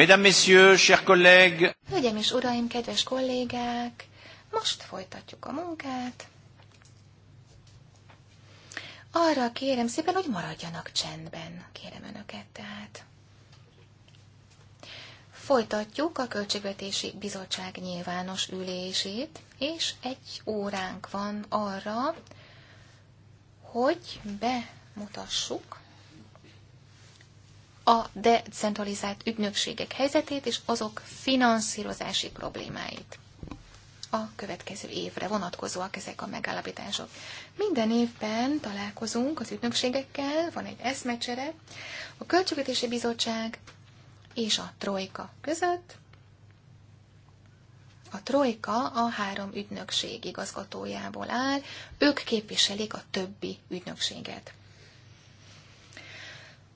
Mesdames, Messieurs, chers collègues! Hölgyeim és uraim, kedves kollégák! Most folytatjuk a munkát. Arra kérem szépen, hogy maradjanak csendben, kérem önöket tehát. Folytatjuk a Költségvetési Bizottság nyilvános ülését, és egy óránk van arra, hogy bemutassuk a decentralizált ügynökségek helyzetét és azok finanszírozási problémáit. A következő évre vonatkozóak ezek a megállapítások. Minden évben találkozunk az ügynökségekkel, van egy eszmecsere, a Költségvetési Bizottság és a Trojka között. A Trojka a három ügynökség igazgatójából áll, ők képviselik a többi ügynökséget.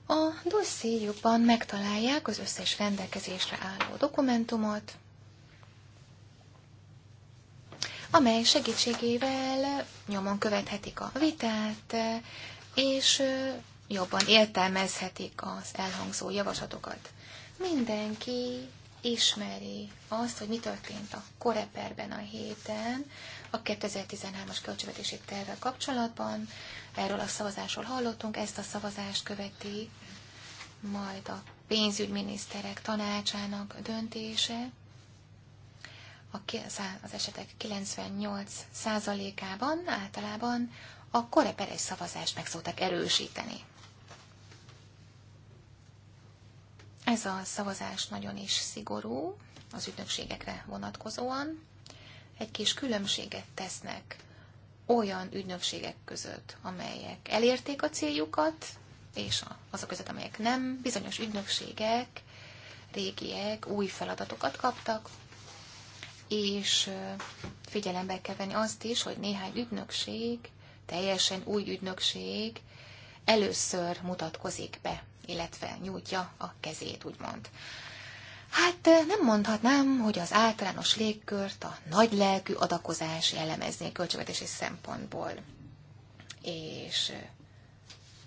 A dossziéjukban megtalálják az összes rendelkezésre álló dokumentumot, amely segítségével nyomon követhetik a vitát, és jobban értelmezhetik az elhangzó javaslatokat. Mindenki ismeri azt, hogy mi történt a koreperben a héten, a 2013-as költségvetési tervvel kapcsolatban. Erről a szavazásról hallottunk, ezt a szavazást követi majd a pénzügyminiszterek tanácsának döntése az esetek 98%-ában általában a koreperes szavazást meg szokták erősíteni. Ez a szavazás nagyon is szigorú az ügynökségekre vonatkozóan egy kis különbséget tesznek olyan ügynökségek között, amelyek elérték a céljukat, és azok között, amelyek nem, bizonyos ügynökségek, régiek új feladatokat kaptak, és figyelembe kell venni azt is, hogy néhány ügynökség, teljesen új ügynökség először mutatkozik be, illetve nyújtja a kezét, úgymond. Hát eh, nem mondhatnám, hogy az általános légkört a nagy lelkű adakozás jellemezné költségvetési szempontból. És eh,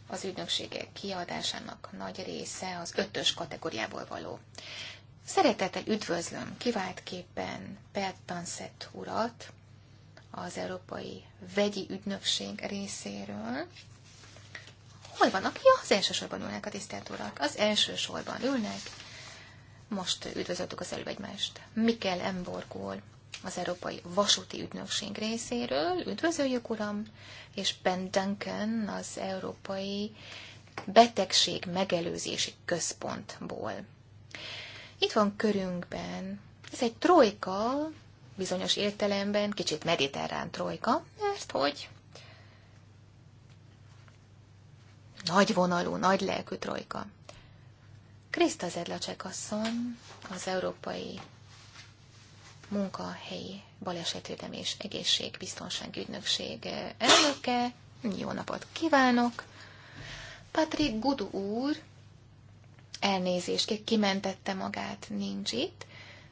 az ügynökségek kiadásának nagy része az ötös kategóriából való. Szeretettel üdvözlöm kiváltképpen Bertanszett urat az Európai Vegyi Ügynökség részéről. Hol vannak? Ja, az elsősorban ülnek a tisztelt urak. Az elsősorban ülnek, most üdvözöltük az előbb egymást. Mikkel Emborgól, az Európai Vasúti Ügynökség részéről. Üdvözöljük, uram! És Ben Duncan, az Európai Betegség Megelőzési Központból. Itt van körünkben. Ez egy trojka, bizonyos értelemben, kicsit mediterrán trojka, mert hogy nagy vonalú, nagy lelkű trojka. Kriszta Zedlacsek asszony az Európai Munkahelyi Balesetvédelmi és Egészségbiztonság Ügynökség eh, elnöke. Jó napot kívánok! Patrik Gudu úr, elnézést, ki kimentette magát, nincs itt,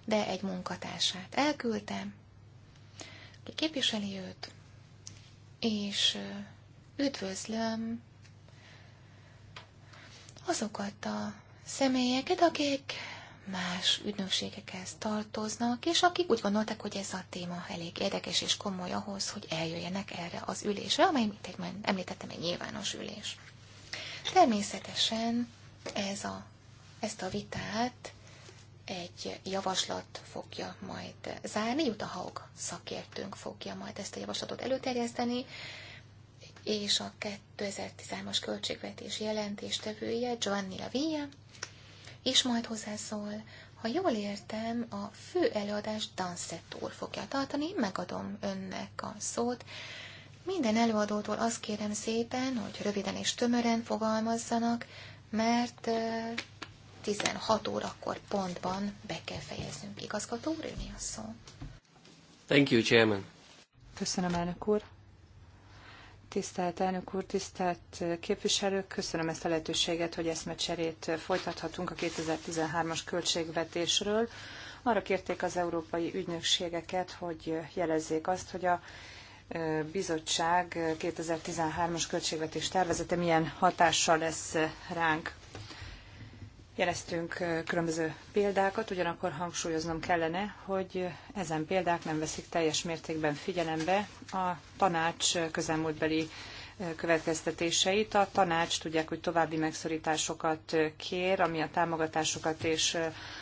de egy munkatársát elküldtem, ki képviseli őt, és eh, üdvözlöm azokat a személyeket, akik más ügynökségekhez tartoznak, és akik úgy gondolták, hogy ez a téma elég érdekes és komoly ahhoz, hogy eljöjjenek erre az ülésre, amely, mint egy, említettem, egy nyilvános ülés. Természetesen ez a, ezt a vitát egy javaslat fogja majd zárni, Jutta Haug szakértőnk fogja majd ezt a javaslatot előterjeszteni, és a 2013-as költségvetés jelentéstevője Giovanni Lavia, és majd hozzászól, ha jól értem, a fő előadást Danszett fogja tartani, megadom önnek a szót. Minden előadótól azt kérem szépen, hogy röviden és tömören fogalmazzanak, mert 16 órakor pontban be kell fejeznünk. Igazgató úr, a szó. Thank you, Chairman. Köszönöm, elnök úr. Tisztelt elnök úr, tisztelt képviselők, köszönöm ezt a lehetőséget, hogy eszmecserét folytathatunk a 2013-as költségvetésről. Arra kérték az európai ügynökségeket, hogy jelezzék azt, hogy a bizottság 2013-as költségvetés tervezete milyen hatással lesz ránk. Jeleztünk különböző példákat, ugyanakkor hangsúlyoznom kellene, hogy ezen példák nem veszik teljes mértékben figyelembe a tanács közelmúltbeli következtetéseit. A tanács tudják, hogy további megszorításokat kér, ami a támogatásokat és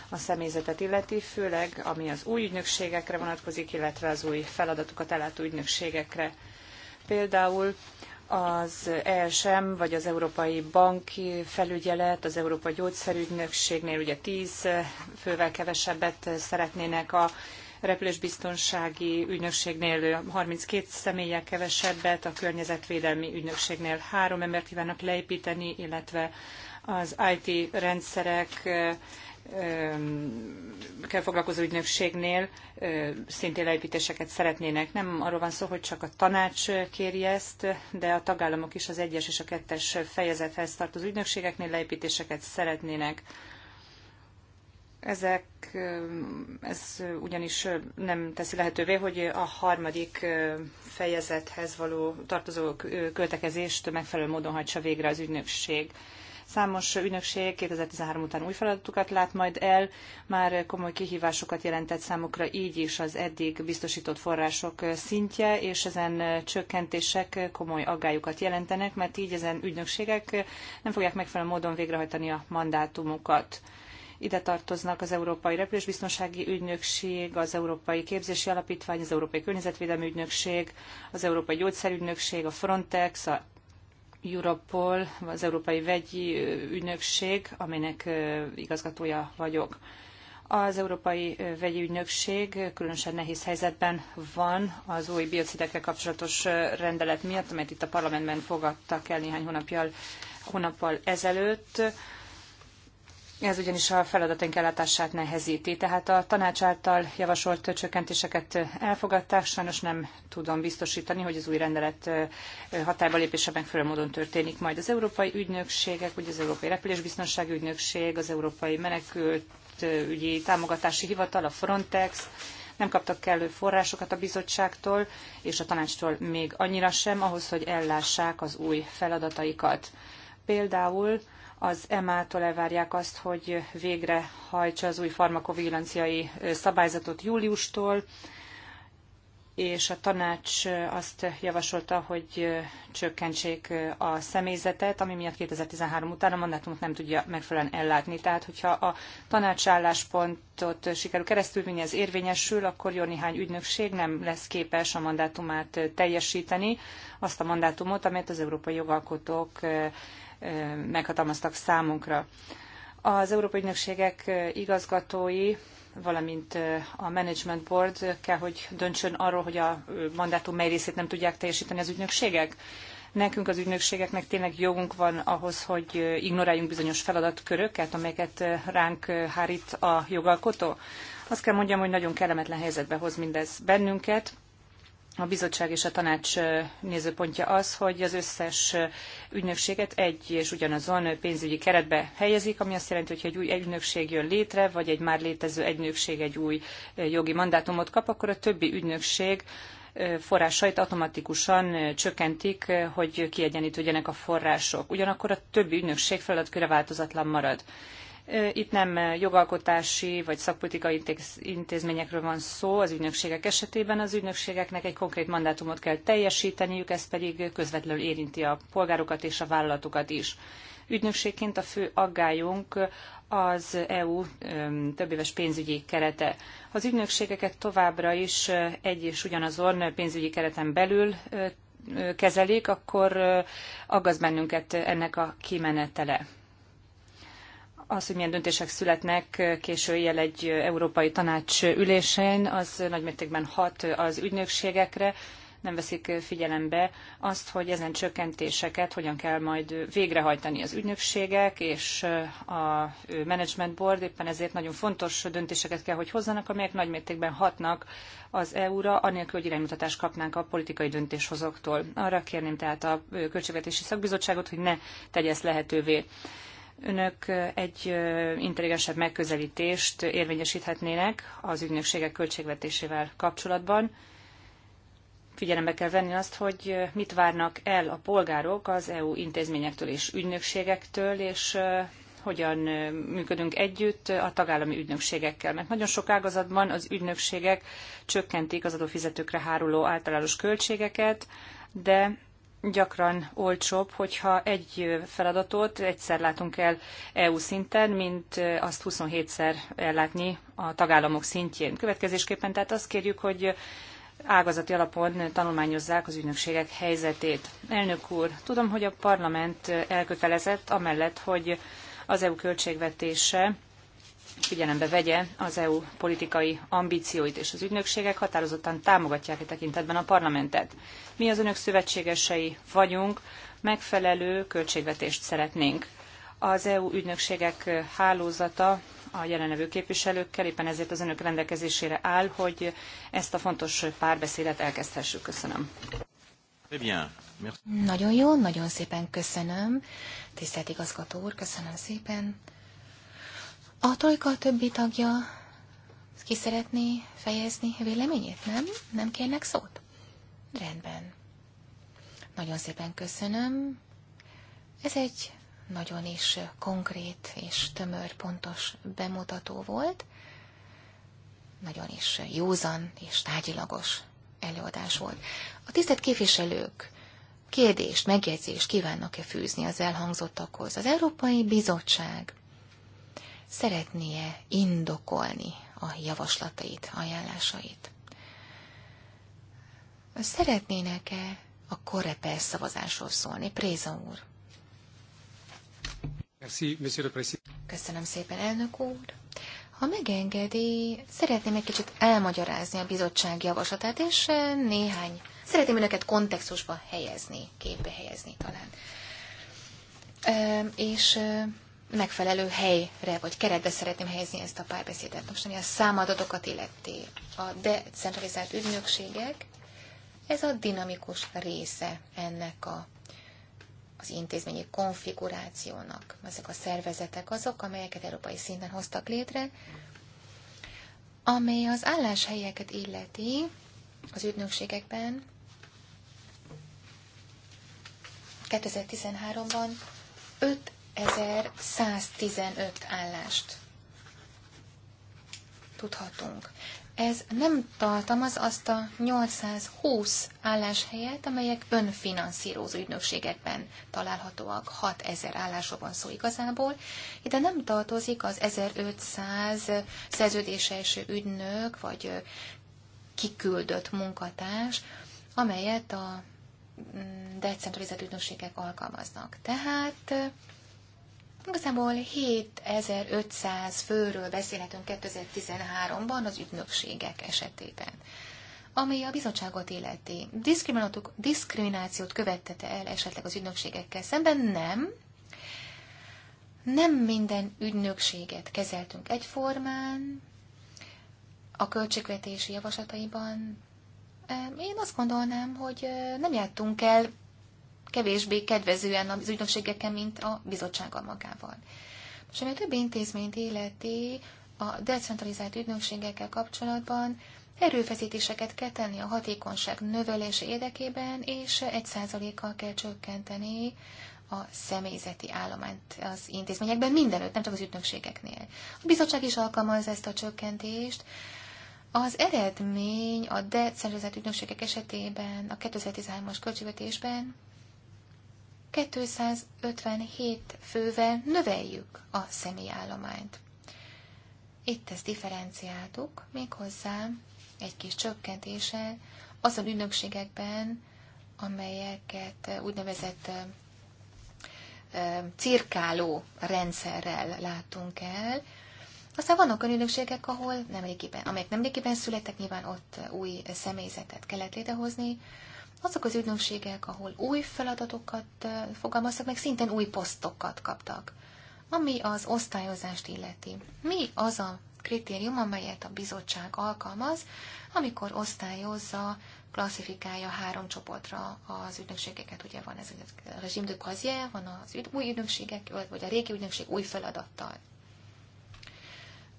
a személyzetet illeti, főleg ami az új ügynökségekre vonatkozik, illetve az új feladatokat ellátó ügynökségekre. Például az ESM, vagy az Európai Banki Felügyelet, az Európai Gyógyszerügynökségnél ugye tíz fővel kevesebbet szeretnének a repülésbiztonsági ügynökségnél 32 személlyel kevesebbet, a környezetvédelmi ügynökségnél három embert kívánnak leépíteni, illetve az IT rendszerek kell foglalkozó ügynökségnél szintén leépítéseket szeretnének. Nem arról van szó, hogy csak a tanács kéri ezt, de a tagállamok is az egyes és a kettes fejezethez tartozó ügynökségeknél leépítéseket szeretnének. Ezek, ez ugyanis nem teszi lehetővé, hogy a harmadik fejezethez való tartozó költekezést megfelelő módon hagysa végre az ügynökség. Számos ügynökség 2013 után új feladatokat lát majd el, már komoly kihívásokat jelentett számukra így is az eddig biztosított források szintje, és ezen csökkentések komoly aggályokat jelentenek, mert így ezen ügynökségek nem fogják megfelelő módon végrehajtani a mandátumukat. Ide tartoznak az Európai Repülésbiztonsági Ügynökség, az Európai Képzési Alapítvány, az Európai Környezetvédelmi Ügynökség, az Európai Gyógyszerügynökség, a Frontex, a Europol, az Európai Vegyi Ügynökség, aminek igazgatója vagyok. Az Európai Vegyi Ügynökség különösen nehéz helyzetben van az új biocidekkel kapcsolatos rendelet miatt, amelyet itt a parlamentben fogadtak el néhány hónappal ezelőtt. Ez ugyanis a feladatunk ellátását nehezíti, tehát a tanács által javasolt csökkentéseket elfogadták, sajnos nem tudom biztosítani, hogy az új rendelet hatályba lépése megfelelő módon történik majd. Az európai ügynökségek, vagy az Európai Repülésbiztonsági Ügynökség, az Európai Menekült ügyi támogatási hivatal, a Frontex, nem kaptak kellő forrásokat a bizottságtól, és a tanácstól még annyira sem, ahhoz, hogy ellássák az új feladataikat. Például az EMA-tól elvárják azt, hogy végre hajtsa az új farmakovigilanciai szabályzatot júliustól, és a tanács azt javasolta, hogy csökkentsék a személyzetet, ami miatt 2013 után a mandátumot nem tudja megfelelően ellátni. Tehát, hogyha a tanács álláspontot sikerül keresztülvinni, ez érvényesül, akkor jó néhány ügynökség nem lesz képes a mandátumát teljesíteni, azt a mandátumot, amelyet az európai jogalkotók meghatalmaztak számunkra. Az Európai Ügynökségek igazgatói valamint a Management Board kell, hogy döntsön arról, hogy a mandátum mely részét nem tudják teljesíteni az ügynökségek. Nekünk az ügynökségeknek tényleg jogunk van ahhoz, hogy ignoráljunk bizonyos feladatköröket, amelyeket ránk hárít a jogalkotó. Azt kell mondjam, hogy nagyon kellemetlen helyzetbe hoz mindez bennünket, a bizottság és a tanács nézőpontja az, hogy az összes ügynökséget egy és ugyanazon pénzügyi keretbe helyezik, ami azt jelenti, hogy ha egy új ügynökség jön létre, vagy egy már létező ügynökség egy új jogi mandátumot kap, akkor a többi ügynökség forrásait automatikusan csökkentik, hogy kiegyenlítődjenek a források. Ugyanakkor a többi ügynökség feladatköre változatlan marad. Itt nem jogalkotási vagy szakpolitikai intézményekről van szó az ügynökségek esetében. Az ügynökségeknek egy konkrét mandátumot kell teljesíteniük, ez pedig közvetlenül érinti a polgárokat és a vállalatokat is. Ügynökségként a fő aggályunk az EU többéves pénzügyi kerete. Az ügynökségeket továbbra is egy és ugyanazon pénzügyi kereten belül kezelik, akkor aggaszt bennünket ennek a kimenetele az, hogy milyen döntések születnek késő éjjel egy európai tanács ülésén, az nagymértékben hat az ügynökségekre, nem veszik figyelembe azt, hogy ezen csökkentéseket hogyan kell majd végrehajtani az ügynökségek és a management board, éppen ezért nagyon fontos döntéseket kell, hogy hozzanak, amelyek nagymértékben hatnak az EU-ra, anélkül, hogy iránymutatást kapnánk a politikai döntéshozóktól. Arra kérném tehát a Költségvetési Szakbizottságot, hogy ne tegye ezt lehetővé önök egy intelligensebb megközelítést érvényesíthetnének az ügynökségek költségvetésével kapcsolatban. Figyelembe kell venni azt, hogy mit várnak el a polgárok az EU intézményektől és ügynökségektől, és hogyan működünk együtt a tagállami ügynökségekkel. Mert nagyon sok ágazatban az ügynökségek csökkentik az adófizetőkre háruló általános költségeket, de gyakran olcsóbb, hogyha egy feladatot egyszer látunk el EU szinten, mint azt 27-szer ellátni a tagállamok szintjén. Következésképpen tehát azt kérjük, hogy ágazati alapon tanulmányozzák az ügynökségek helyzetét. Elnök úr, tudom, hogy a parlament elkötelezett amellett, hogy az EU költségvetése figyelembe vegye az EU politikai ambícióit, és az ügynökségek határozottan támogatják e tekintetben a parlamentet. Mi az önök szövetségesei vagyunk, megfelelő költségvetést szeretnénk. Az EU ügynökségek hálózata a jelenlevő képviselőkkel, éppen ezért az önök rendelkezésére áll, hogy ezt a fontos párbeszédet elkezdhessük. Köszönöm. Nagyon jó, nagyon szépen köszönöm. Tisztelt igazgató úr, köszönöm szépen. A trojka többi tagja ki szeretné fejezni véleményét, nem? Nem kérnek szót? Rendben. Nagyon szépen köszönöm. Ez egy nagyon is konkrét és tömör, pontos bemutató volt. Nagyon is józan és tárgyilagos előadás volt. A tisztelt képviselők kérdést, megjegyzést kívánnak-e fűzni az elhangzottakhoz? Az Európai Bizottság szeretnie indokolni a javaslatait, ajánlásait. Szeretnének-e a korreper szavazásról szólni? Préza úr. Köszönöm szépen, elnök úr. Ha megengedi, szeretném egy kicsit elmagyarázni a bizottság javaslatát, és eh, néhány, szeretném önöket kontextusba helyezni, képbe helyezni talán. És eh, megfelelő helyre vagy keretbe szeretném helyezni ezt a párbeszédet. Most ami a számadatokat illeti, a decentralizált ügynökségek, ez a dinamikus része ennek a, az intézményi konfigurációnak. Ezek a szervezetek azok, amelyeket európai szinten hoztak létre, amely az álláshelyeket illeti az ügynökségekben. 2013-ban 5 1115 állást tudhatunk. Ez nem tartalmaz azt a 820 álláshelyet, amelyek önfinanszírozó ügynökségekben találhatóak. 6000 állásról van szó igazából. Ide nem tartozik az 1500 szerződéses ügynök vagy kiküldött munkatárs, amelyet a mm, decentralizált ügynökségek alkalmaznak. Tehát Igazából 7500 főről beszélhetünk 2013-ban az ügynökségek esetében, ami a bizottságot illeti. Diszkriminációt követtete el esetleg az ügynökségekkel szemben? Nem. Nem minden ügynökséget kezeltünk egyformán, a költségvetési javaslataiban. Én azt gondolnám, hogy nem jártunk el kevésbé kedvezően az ügynökségeken, mint a bizottsággal magával. Most ami a többi intézményt életi, a decentralizált ügynökségekkel kapcsolatban erőfeszítéseket kell tenni a hatékonyság növelése érdekében, és egy százalékkal kell csökkenteni a személyzeti állományt az intézményekben mindenütt, nem csak az ügynökségeknél. A bizottság is alkalmaz ezt a csökkentést, az eredmény a decentralizált ügynökségek esetében a 2013-as költségvetésben 257 fővel növeljük a személyállományt. Itt ezt differenciáltuk, méghozzá egy kis az azon ügynökségekben, amelyeket eh, úgynevezett eh, eh, cirkáló rendszerrel látunk el. Aztán vannak olyan ügynökségek, ahol nemrégiben, amelyek nemrégiben születtek, nyilván ott új személyzetet kellett létrehozni, azok az ügynökségek, ahol új feladatokat fogalmaztak, meg szinten új posztokat kaptak, ami az osztályozást illeti. Mi az a kritérium, amelyet a bizottság alkalmaz, amikor osztályozza, klasszifikálja három csoportra az ügynökségeket. Ugye van ez a rezsim de van az új ügynökségek, vagy a régi ügynökség új feladattal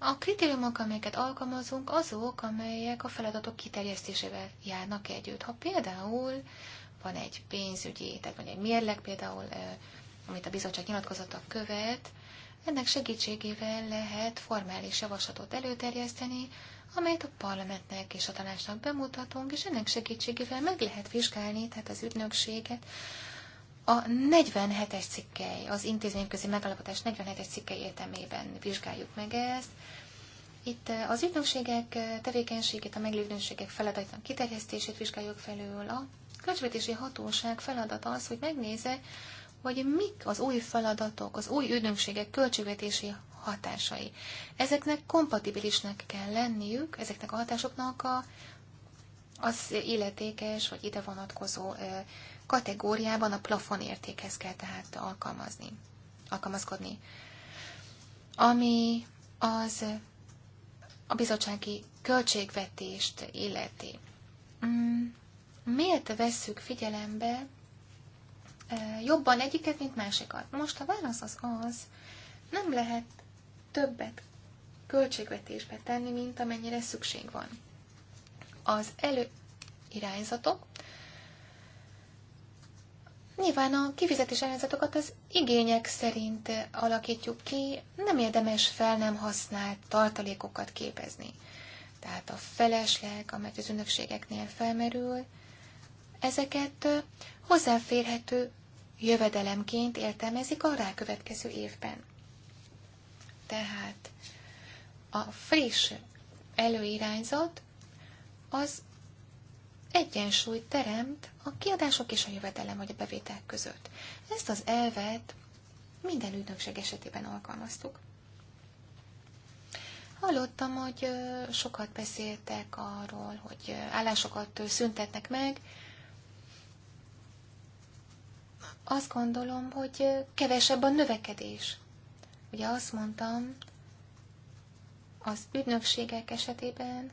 a kritériumok, amelyeket alkalmazunk, azok, amelyek a feladatok kiterjesztésével járnak együtt. Ha például van egy pénzügyi, tehát vagy egy mérleg például, amit a bizottság nyilatkozata követ, ennek segítségével lehet formális javaslatot előterjeszteni, amelyet a parlamentnek és a tanácsnak bemutatunk, és ennek segítségével meg lehet vizsgálni, tehát az ügynökséget, a 47-es cikkely, az intézményközi megállapodás 47-es cikkely értelmében vizsgáljuk meg ezt. Itt eh, az ügynökségek eh, tevékenységét, a meglévőségek feladatnak kiterjesztését vizsgáljuk felül. A költségvetési hatóság feladata az, hogy megnézze, hogy mik az új feladatok, az új ügynökségek költségvetési hatásai. Ezeknek kompatibilisnek kell lenniük, ezeknek a hatásoknak a, az illetékes vagy ide vonatkozó eh, kategóriában a plafon értékhez kell tehát alkalmazni, alkalmazkodni. Ami az a bizottsági költségvetést illeti. Mm, miért vesszük figyelembe e, jobban egyiket, mint másikat? Most a válasz az az, nem lehet többet költségvetésbe tenni, mint amennyire szükség van. Az előirányzatok Nyilván a kifizetés ajánlatokat az igények szerint alakítjuk ki, nem érdemes fel nem használt tartalékokat képezni. Tehát a felesleg, amely az ünnepségeknél felmerül, ezeket hozzáférhető jövedelemként értelmezik a rákövetkező évben. Tehát a friss előirányzat az egyensúlyt teremt a kiadások és a jövedelem vagy a bevétel között. Ezt az elvet minden ügynökség esetében alkalmaztuk. Hallottam, hogy sokat beszéltek arról, hogy állásokat szüntetnek meg. Azt gondolom, hogy kevesebb a növekedés. Ugye azt mondtam, az ügynökségek esetében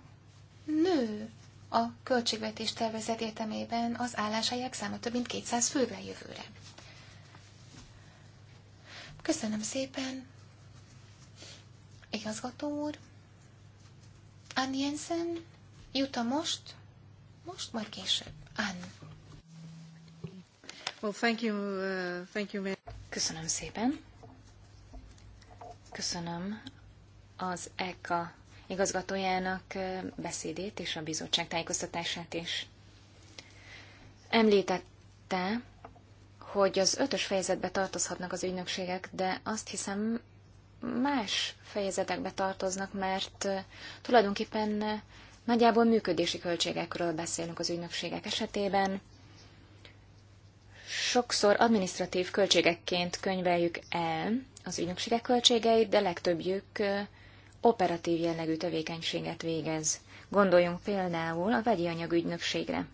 nő a költségvetés tervezet értelmében az álláshelyek száma több mint 200 fővel jövőre. Köszönöm szépen, igazgató úr. Ann Jensen, jut a most, most majd később. Ann. Well, thank you, uh, thank you, Köszönöm szépen. Köszönöm az ECA igazgatójának beszédét és a bizottság tájékoztatását is. Említette, hogy az ötös fejezetbe tartozhatnak az ügynökségek, de azt hiszem más fejezetekbe tartoznak, mert tulajdonképpen nagyjából működési költségekről beszélünk az ügynökségek esetében. Sokszor administratív költségekként könyveljük el az ügynökségek költségeit, de legtöbbjük operatív jellegű tevékenységet végez. Gondoljunk például a vegyi anyagügynökségre.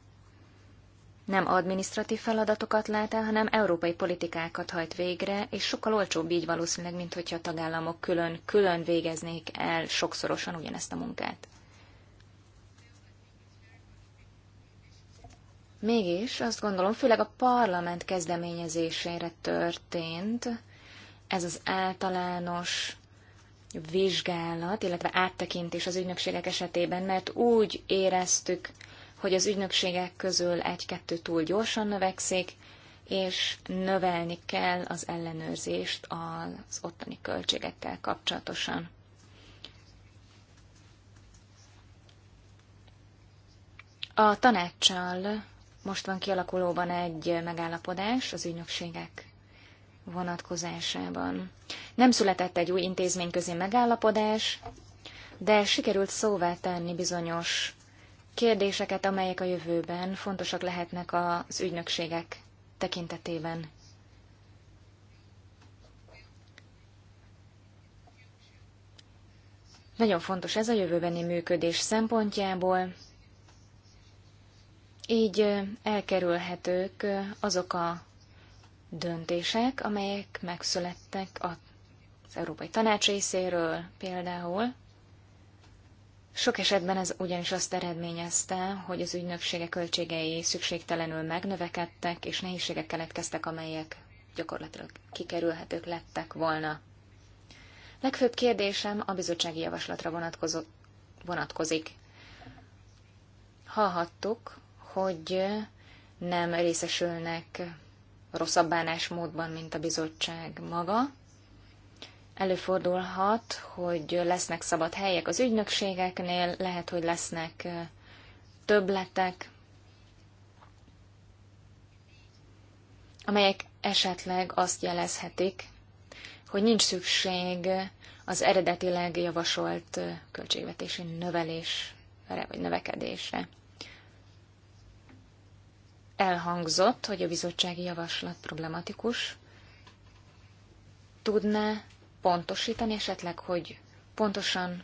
Nem adminisztratív feladatokat lát el, hanem európai politikákat hajt végre, és sokkal olcsóbb így valószínűleg, mint hogyha a tagállamok külön-külön végeznék el sokszorosan ugyanezt a munkát. Mégis azt gondolom, főleg a parlament kezdeményezésére történt ez az általános vizsgálat, illetve áttekintés az ügynökségek esetében, mert úgy éreztük, hogy az ügynökségek közül egy-kettő túl gyorsan növekszik, és növelni kell az ellenőrzést az ottani költségekkel kapcsolatosan. A tanácssal most van kialakulóban egy megállapodás az ügynökségek vonatkozásában. Nem született egy új intézményközi megállapodás, de sikerült szóvá tenni bizonyos kérdéseket, amelyek a jövőben fontosak lehetnek az ügynökségek tekintetében. Nagyon fontos ez a jövőbeni működés szempontjából, így elkerülhetők azok a döntések, amelyek megszülettek az Európai Tanács részéről például. Sok esetben ez ugyanis azt eredményezte, hogy az ügynöksége költségei szükségtelenül megnövekedtek, és nehézségek keletkeztek, amelyek gyakorlatilag kikerülhetők lettek volna. Legfőbb kérdésem a bizottsági javaslatra vonatkozó, vonatkozik. Hallhattuk, hogy nem részesülnek rosszabb bánásmódban, mint a bizottság maga. Előfordulhat, hogy lesznek szabad helyek az ügynökségeknél, lehet, hogy lesznek többletek, amelyek esetleg azt jelezhetik, hogy nincs szükség az eredetileg javasolt költségvetési növelésre vagy növekedésre elhangzott, hogy a bizottsági javaslat problematikus. Tudná pontosítani esetleg, hogy pontosan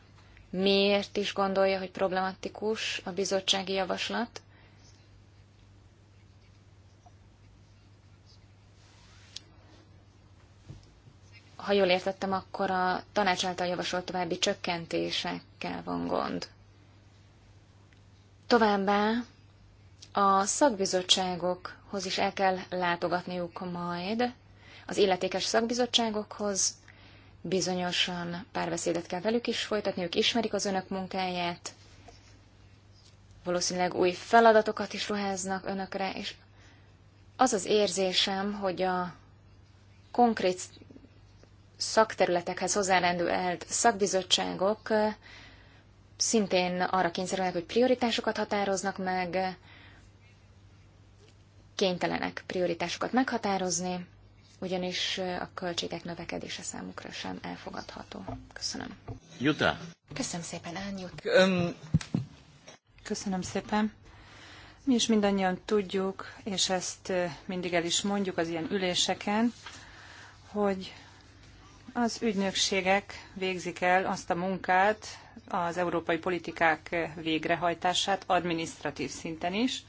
miért is gondolja, hogy problematikus a bizottsági javaslat? Ha jól értettem, akkor a tanács által javasolt további csökkentésekkel van gond. Továbbá a szakbizottságokhoz is el kell látogatniuk majd, az illetékes szakbizottságokhoz, bizonyosan párbeszédet kell velük is folytatni, ők ismerik az önök munkáját, valószínűleg új feladatokat is ruháznak önökre, és az az érzésem, hogy a konkrét szakterületekhez hozzárendelt szakbizottságok eh, szintén arra kényszerülnek, hogy prioritásokat határoznak meg, kénytelenek prioritásokat meghatározni, ugyanis a költségek növekedése számukra sem elfogadható. Köszönöm. Juta. Köszönöm szépen, Ányut. Köszönöm szépen. Mi is mindannyian tudjuk, és ezt mindig el is mondjuk az ilyen üléseken, hogy az ügynökségek végzik el azt a munkát, az európai politikák végrehajtását, adminisztratív szinten is,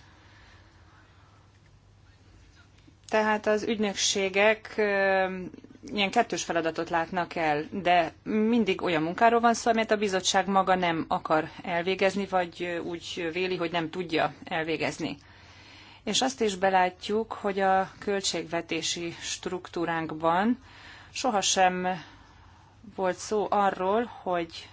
tehát az ügynökségek ilyen kettős feladatot látnak el, de mindig olyan munkáról van szó, amelyet a bizottság maga nem akar elvégezni, vagy úgy véli, hogy nem tudja elvégezni. És azt is belátjuk, hogy a költségvetési struktúránkban sohasem volt szó arról, hogy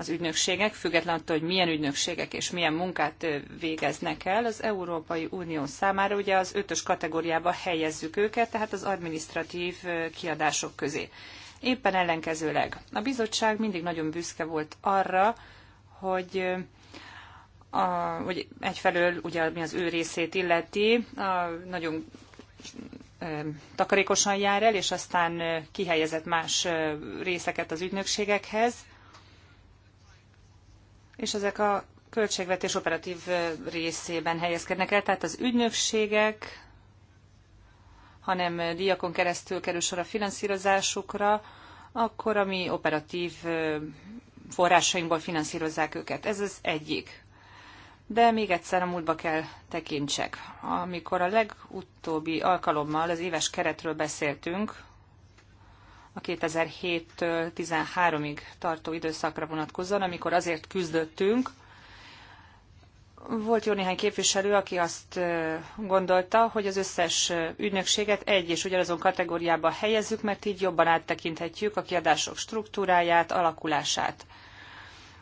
az ügynökségek, független attól, hogy milyen ügynökségek és milyen munkát végeznek el, az Európai Unió számára ugye az ötös kategóriába helyezzük őket, tehát az administratív kiadások közé. Éppen ellenkezőleg. A bizottság mindig nagyon büszke volt arra, hogy a, hogy egyfelől ugye mi az ő részét illeti, a, nagyon takarékosan jár el, és aztán kihelyezett más részeket az ügynökségekhez és ezek a költségvetés operatív részében helyezkednek el, tehát az ügynökségek, hanem diakon keresztül kerül sor a finanszírozásukra, akkor a mi operatív forrásainkból finanszírozzák őket. Ez az egyik. De még egyszer a múltba kell tekintsek. Amikor a legutóbbi alkalommal az éves keretről beszéltünk, a 2007 13-ig tartó időszakra vonatkozóan, amikor azért küzdöttünk, volt jó néhány képviselő, aki azt gondolta, hogy az összes ügynökséget egy és ugyanazon kategóriába helyezzük, mert így jobban áttekinthetjük a kiadások struktúráját, alakulását.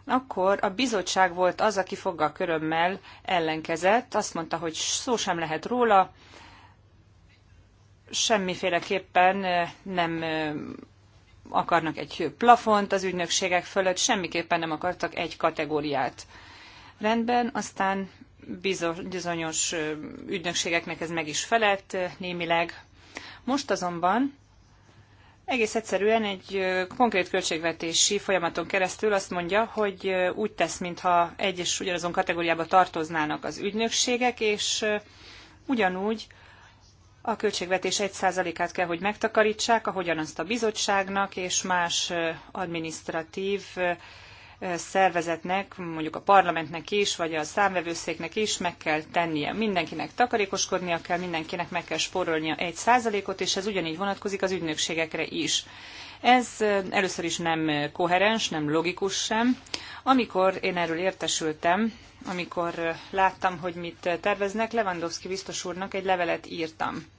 Akkor a bizottság volt az, aki fogga körömmel ellenkezett, azt mondta, hogy szó sem lehet róla, semmiféleképpen nem akarnak egy plafont az ügynökségek fölött, semmiképpen nem akartak egy kategóriát. Rendben, aztán bizonyos ügynökségeknek ez meg is felett némileg. Most azonban egész egyszerűen egy konkrét költségvetési folyamaton keresztül azt mondja, hogy úgy tesz, mintha egy és ugyanazon kategóriába tartoznának az ügynökségek, és ugyanúgy a költségvetés 1%-át kell, hogy megtakarítsák, ahogyan azt a bizottságnak és más administratív szervezetnek, mondjuk a parlamentnek is, vagy a számvevőszéknek is meg kell tennie. Mindenkinek takarékoskodnia kell, mindenkinek meg kell spórolnia egy százalékot, és ez ugyanígy vonatkozik az ügynökségekre is. Ez először is nem koherens, nem logikus sem. Amikor én erről értesültem, amikor láttam, hogy mit terveznek, Lewandowski biztos úrnak egy levelet írtam.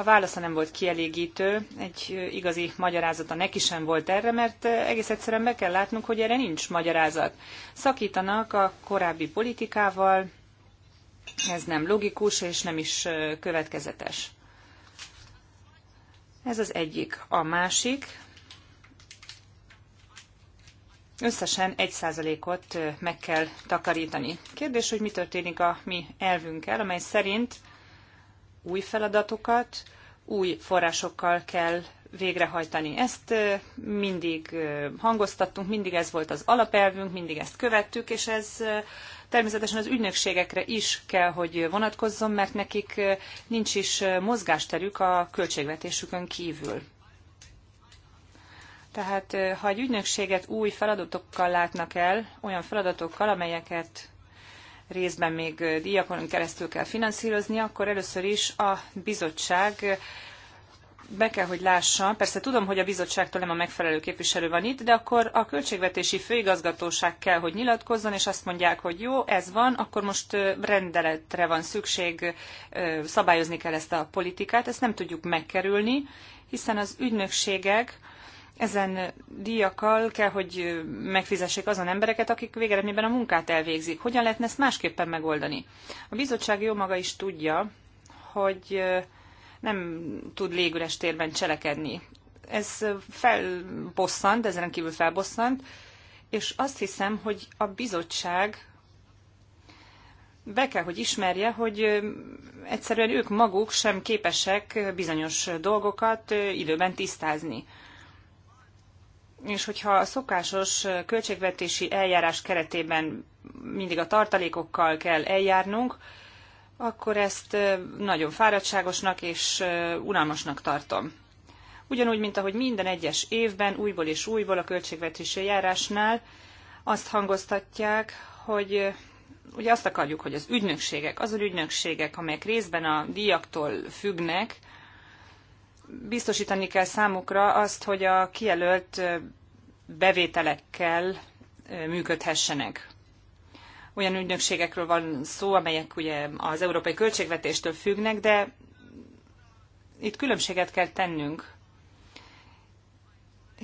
A válasza nem volt kielégítő, egy igazi magyarázata neki sem volt erre, mert egész egyszerűen be kell látnunk, hogy erre nincs magyarázat. Szakítanak a korábbi politikával, ez nem logikus és nem is következetes. Ez az egyik. A másik, összesen 1%-ot meg kell takarítani. Kérdés, hogy mi történik a mi elvünkkel, amely szerint új feladatokat, új forrásokkal kell végrehajtani. Ezt mindig hangoztattunk, mindig ez volt az alapelvünk, mindig ezt követtük, és ez természetesen az ügynökségekre is kell, hogy vonatkozzon, mert nekik nincs is mozgásterük a költségvetésükön kívül. Tehát ha egy ügynökséget új feladatokkal látnak el, olyan feladatokkal, amelyeket részben még díjakonon keresztül kell finanszírozni, akkor először is a bizottság be kell, hogy lássa, persze tudom, hogy a bizottságtól nem a megfelelő képviselő van itt, de akkor a költségvetési főigazgatóság kell, hogy nyilatkozzon, és azt mondják, hogy jó, ez van, akkor most rendeletre van szükség, szabályozni kell ezt a politikát, ezt nem tudjuk megkerülni, hiszen az ügynökségek ezen díjakkal kell, hogy megfizessék azon embereket, akik végeredményben a munkát elvégzik. Hogyan lehetne ezt másképpen megoldani? A bizottság jó maga is tudja, hogy nem tud légüres térben cselekedni. Ez felbosszant, ez kívül felbosszant, és azt hiszem, hogy a bizottság be kell, hogy ismerje, hogy egyszerűen ők maguk sem képesek bizonyos dolgokat időben tisztázni és hogyha a szokásos költségvetési eljárás keretében mindig a tartalékokkal kell eljárnunk, akkor ezt nagyon fáradtságosnak és unalmasnak tartom. Ugyanúgy, mint ahogy minden egyes évben újból és újból a költségvetési eljárásnál azt hangoztatják, hogy ugye azt akarjuk, hogy az ügynökségek, az ügynökségek, amelyek részben a díjaktól függnek, biztosítani kell számukra azt, hogy a kijelölt bevételekkel működhessenek. Olyan ügynökségekről van szó, amelyek ugye az európai költségvetéstől függnek, de itt különbséget kell tennünk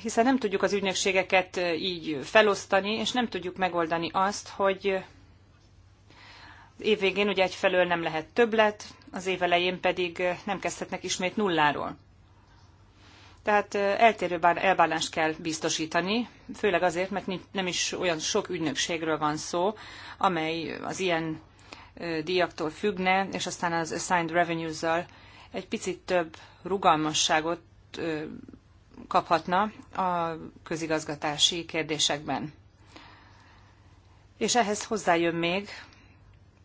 hiszen nem tudjuk az ügynökségeket így felosztani, és nem tudjuk megoldani azt, hogy az év végén ugye egyfelől nem lehet többlet, az év elején pedig nem kezdhetnek ismét nulláról. Tehát eltérő elbánást kell biztosítani, főleg azért, mert nem is olyan sok ügynökségről van szó, amely az ilyen díjaktól függne, és aztán az assigned revenues-zal egy picit több rugalmasságot kaphatna a közigazgatási kérdésekben. És ehhez hozzájön még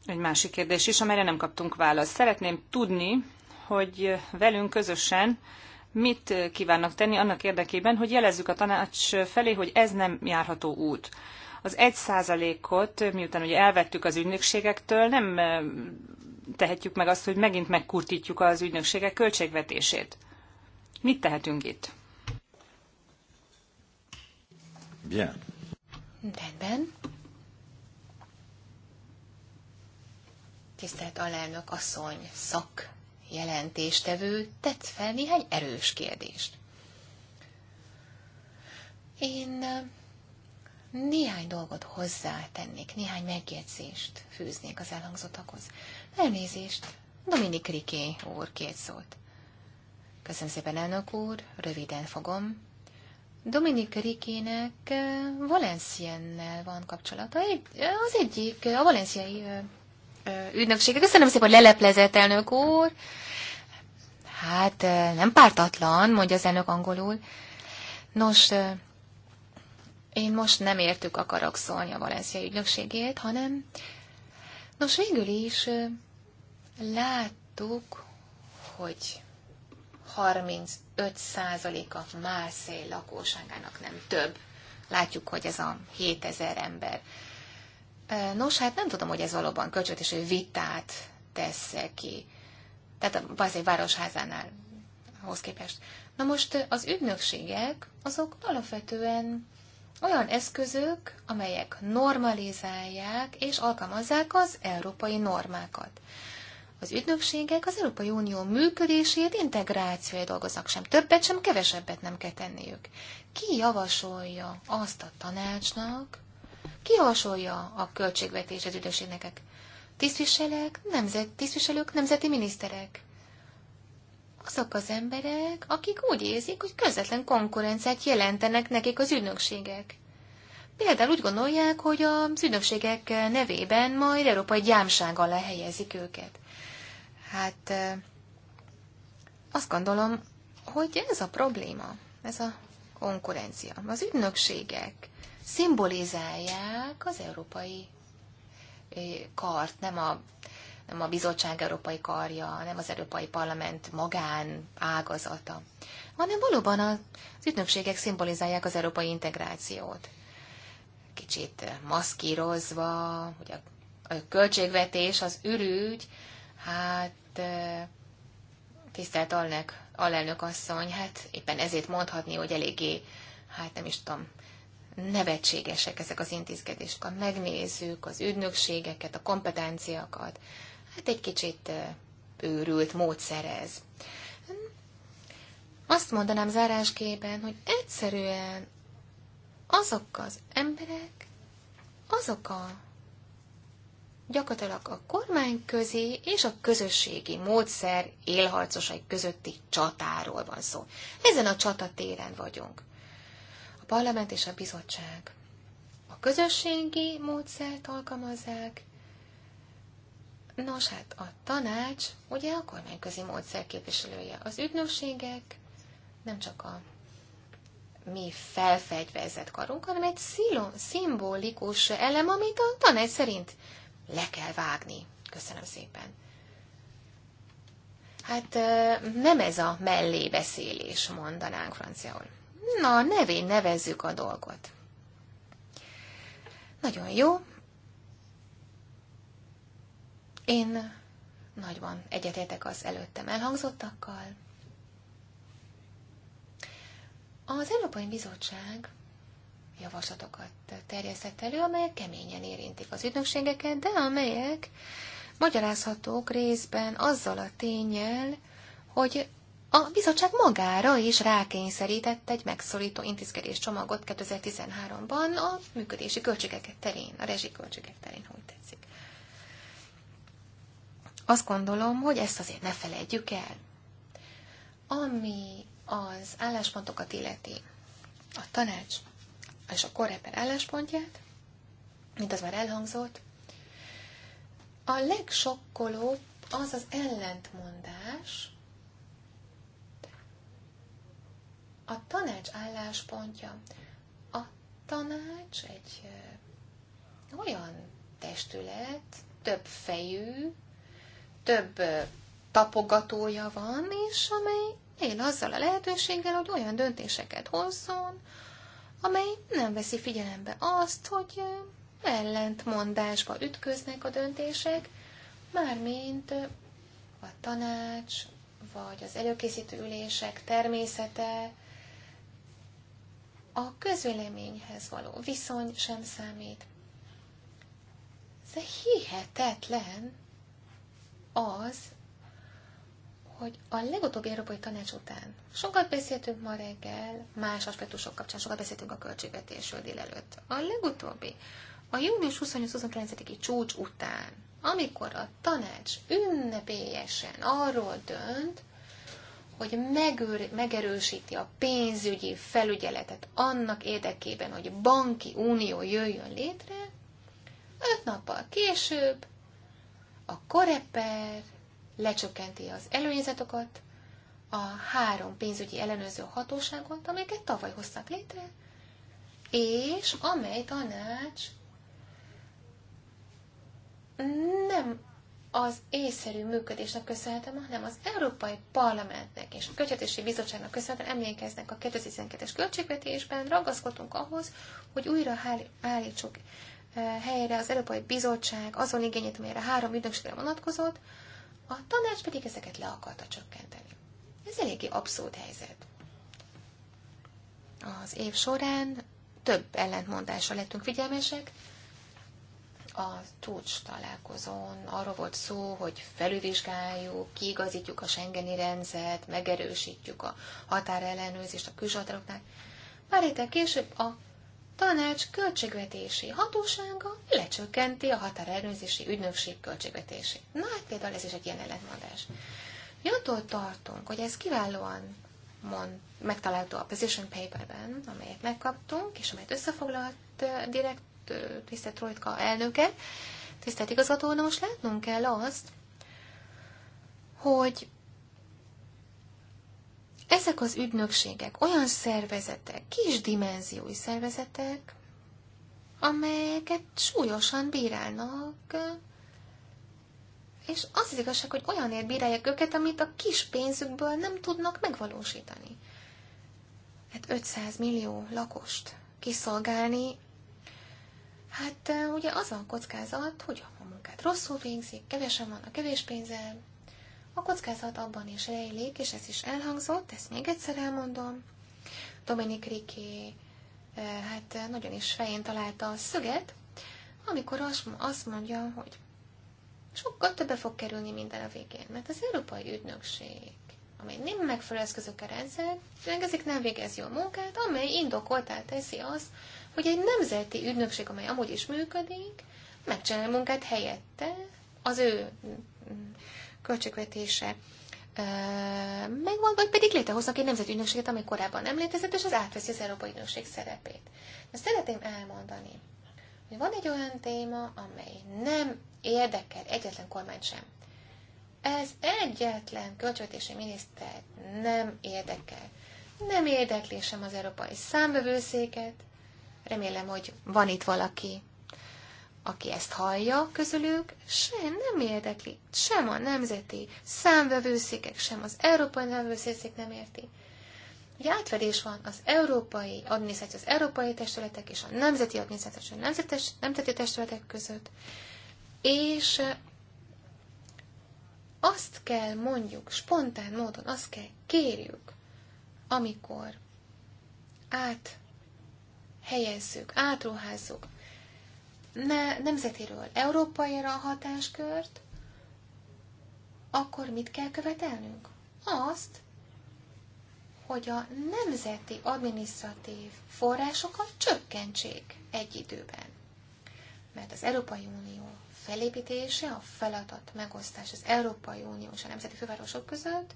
egy másik kérdés is, amelyre nem kaptunk választ. Szeretném tudni, hogy velünk közösen mit kívánnak tenni annak érdekében, hogy jelezzük a tanács felé, hogy ez nem járható út. Az egy ot miután ugye elvettük az ügynökségektől, nem tehetjük meg azt, hogy megint megkurtítjuk az ügynökségek költségvetését. Mit tehetünk itt? Bien. Rendben. Tisztelt alelnök asszony, szak jelentéstevő tett fel néhány erős kérdést. Én néhány dolgot hozzátennék, néhány megjegyzést fűznék az elhangzottakhoz. Elnézést, Dominik Riké úr két szót. Köszönöm szépen, elnök úr, röviden fogom. Dominik Rikének Valenciennel van kapcsolata. Az egyik, a valenciai ügynöksége. Köszönöm szépen, hogy leleplezett elnök úr. Hát nem pártatlan, mondja az elnök angolul. Nos, én most nem értük akarok szólni a Valencia ügynökségét, hanem nos végül is láttuk, hogy 35%-a Márszély lakóságának nem több. Látjuk, hogy ez a 7000 ember. Nos, hát nem tudom, hogy ez valóban költségvetési vitát tesz ki. Tehát a egy Városházánál ahhoz képest. Na most az ügynökségek, azok alapvetően olyan eszközök, amelyek normalizálják és alkalmazzák az európai normákat. Az ügynökségek az Európai Unió működését, integrációja dolgoznak sem. Többet sem, kevesebbet nem kell tenniük. Ki javasolja azt a tanácsnak, kihasolja a költségvetés az üdösségnek. Tisztviselők, nemzet, tisztviselők, nemzeti miniszterek. Azok az emberek, akik úgy érzik, hogy közvetlen konkurenciát jelentenek nekik az ügynökségek. Például úgy gondolják, hogy az ügynökségek nevében majd európai gyámság alá helyezik őket. Hát azt gondolom, hogy ez a probléma, ez a konkurencia. Az ügynökségek szimbolizálják az európai eh, kart, nem a, nem a bizottság európai karja, nem az európai parlament magán ágazata, hanem valóban az ütnökségek szimbolizálják az európai integrációt. Kicsit maszkírozva, hogy a, a költségvetés, az ürügy, hát eh, tisztelt alnök, alelnök asszony, hát éppen ezért mondhatni, hogy eléggé, hát nem is tudom, nevetségesek ezek az intézkedések. Ha megnézzük az ügynökségeket, a kompetenciakat, hát egy kicsit őrült módszer ez. Azt mondanám zárásképpen, hogy egyszerűen azok az emberek, azok a gyakorlatilag a kormányközi és a közösségi módszer élharcosai közötti csatáról van szó. Ezen a csatatéren vagyunk parlament és a bizottság. A közösségi módszert alkalmazzák, Nos, hát a tanács ugye a kormányközi módszer képviselője. Az ügynökségek nem csak a mi felfegyverzett karunk, hanem egy szilo, szimbolikus elem, amit a tanács szerint le kell vágni. Köszönöm szépen. Hát nem ez a mellébeszélés, mondanánk franciául. Na, nevén nevezzük a dolgot. Nagyon jó. Én nagyban egyetértek az előttem elhangzottakkal. Az Európai Bizottság javaslatokat terjesztett elő, amelyek keményen érintik az ügynökségeket, de amelyek magyarázhatók részben azzal a tényel, hogy a bizottság magára is rákényszerített egy megszorító intézkedés csomagot 2013-ban a működési költségeket terén, a rezsiköltségek terén, hogy tetszik. Azt gondolom, hogy ezt azért ne felejtjük el. Ami az álláspontokat illeti, a tanács és a korreper álláspontját, mint az már elhangzott, a legsokkolóbb az az ellentmondás, A tanács álláspontja. A tanács egy olyan testület, több fejű, több tapogatója van, és amely él azzal a lehetőséggel, hogy olyan döntéseket hozzon, amely nem veszi figyelembe azt, hogy ellentmondásba ütköznek a döntések, mármint a tanács, vagy az előkészítő ülések természete, a közvéleményhez való viszony sem számít. Ez hihetetlen az, hogy a legutóbbi Európai Tanács után sokat beszéltünk ma reggel, más aspektusok kapcsán sokat beszéltünk a költségvetésről délelőtt. A legutóbbi, a június 28-29-i csúcs után, amikor a tanács ünnepélyesen arról dönt, hogy megőr, megerősíti a pénzügyi felügyeletet annak érdekében, hogy banki unió jöjjön létre, öt nappal később a koreper lecsökkenti az előnyezetokat, a három pénzügyi ellenőrző hatóságot, amelyeket tavaly hoztak létre, és amely tanács nem az észszerű működésnek köszönhetem, hanem az Európai Parlamentnek és a Költségvetési Bizottságnak köszönhetem, emlékeznek a 2012-es költségvetésben, ragaszkodtunk ahhoz, hogy újra állítsuk eh, helyre az Európai Bizottság azon igényét, amelyre három ügynökségre vonatkozott, a tanács pedig ezeket le akarta csökkenteni. Ez eléggé abszurd helyzet. Az év során több ellentmondásra lettünk figyelmesek, a csúcs találkozón arról volt szó, hogy felülvizsgáljuk, kiigazítjuk a Schengeni rendszert, megerősítjük a határellenőrzést a határoknál. Pár héten később a tanács költségvetési hatósága lecsökkenti a határellenőrzési ügynökség költségvetését. Na hát például ez is egy ilyen ellentmondás. Mi attól tartunk, hogy ez kiválóan mond, megtalálható a position paperben, amelyet megkaptunk, és amelyet összefoglalt eh, direkt tisztelt Rojtka elnöke, tisztelt igazgató, na most látnunk kell azt, hogy ezek az ügynökségek olyan szervezetek, kis dimenziói szervezetek, amelyeket súlyosan bírálnak, és az az igazság, hogy olyanért bírálják őket, amit a kis pénzükből nem tudnak megvalósítani. Hát 500 millió lakost kiszolgálni Hát ugye az a kockázat, hogy a munkát rosszul végzik, kevesen van a kevés pénzem, a kockázat abban is rejlik, és ez is elhangzott, ezt még egyszer elmondom. Dominik Riki hát nagyon is fején találta a szöget, amikor azt mondja, hogy sokkal többe fog kerülni minden a végén, mert az Európai Ügynökség, amely nem megfelelő a rendszer, ezek nem végez jó munkát, amely indokoltá teszi azt, hogy egy nemzeti ügynökség, amely amúgy is működik, megcsinálja a munkát helyette, az ő mm, költségvetése megvan, vagy pedig létrehoznak egy nemzeti ügynökséget, amely korábban nem létezett, és az átveszi az Európai Ügynökség szerepét. De szeretném elmondani, hogy van egy olyan téma, amely nem érdekel egyetlen kormány sem. Ez egyetlen költségvetési miniszter nem érdekel. Nem érdekli sem az európai számbevőszéket, Remélem, hogy van itt valaki, aki ezt hallja közülük, se nem érdekli, sem a nemzeti számvevőszékek, sem az európai számvevőszék nem érti. Ugye átfedés van az európai adminisztráció, az európai testületek és a nemzeti adminisztráció, a nemzetes, nemzeti testületek között, és azt kell mondjuk, spontán módon azt kell kérjük, amikor át helyezzük, átruházzuk ne, nemzetéről, európaira a hatáskört, akkor mit kell követelnünk? Azt, hogy a nemzeti adminisztratív forrásokat csökkentsék egy időben. Mert az Európai Unió felépítése, a feladat megosztás az Európai Unió és a nemzeti fővárosok között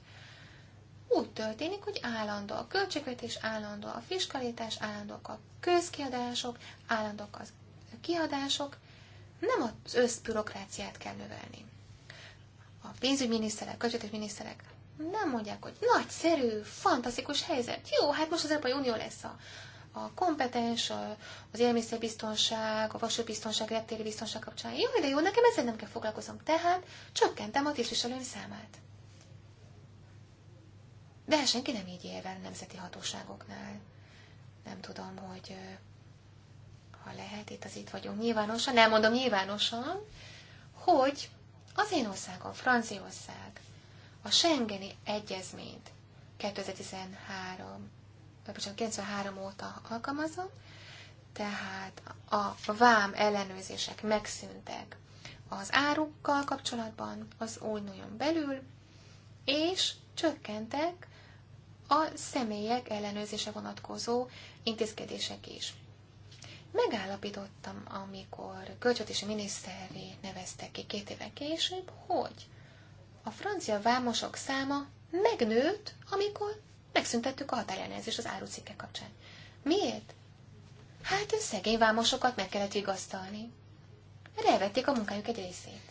úgy történik, hogy állandó a költségvetés, állandó a fiskalitás, állandók a közkiadások, állandók az kiadások, nem az összbürokráciát kell növelni. A pénzügyminiszterek, költségvetésminiszterek nem mondják, hogy nagyszerű, fantasztikus helyzet. Jó, hát most az Európai Unió lesz a, a kompetens, a, az élelmiszerbiztonság, a vasúbiztonság, reptéri biztonság kapcsán. Jó, de jó, nekem ezzel nem kell foglalkozom. Tehát csökkentem a tisztviselőim számát. De senki nem így érvel nemzeti hatóságoknál. Nem tudom, hogy ha lehet, itt az itt vagyunk nyilvánosan, nem mondom nyilvánosan, hogy az én országom, Franciaország, a Schengeni Egyezményt 2013, vagy bocsánat, 93 óta alkalmazom, tehát a vám ellenőrzések megszűntek az árukkal kapcsolatban, az unión belül, és csökkentek a személyek ellenőrzése vonatkozó intézkedések is. Megállapítottam, amikor kölcsötési miniszteré neveztek ki két éve később, hogy a francia vámosok száma megnőtt, amikor megszüntettük a határellenőrzést az árucikke kapcsán. Miért? Hát szegény vámosokat meg kellett vigasztalni. Elvették a munkájuk egy részét.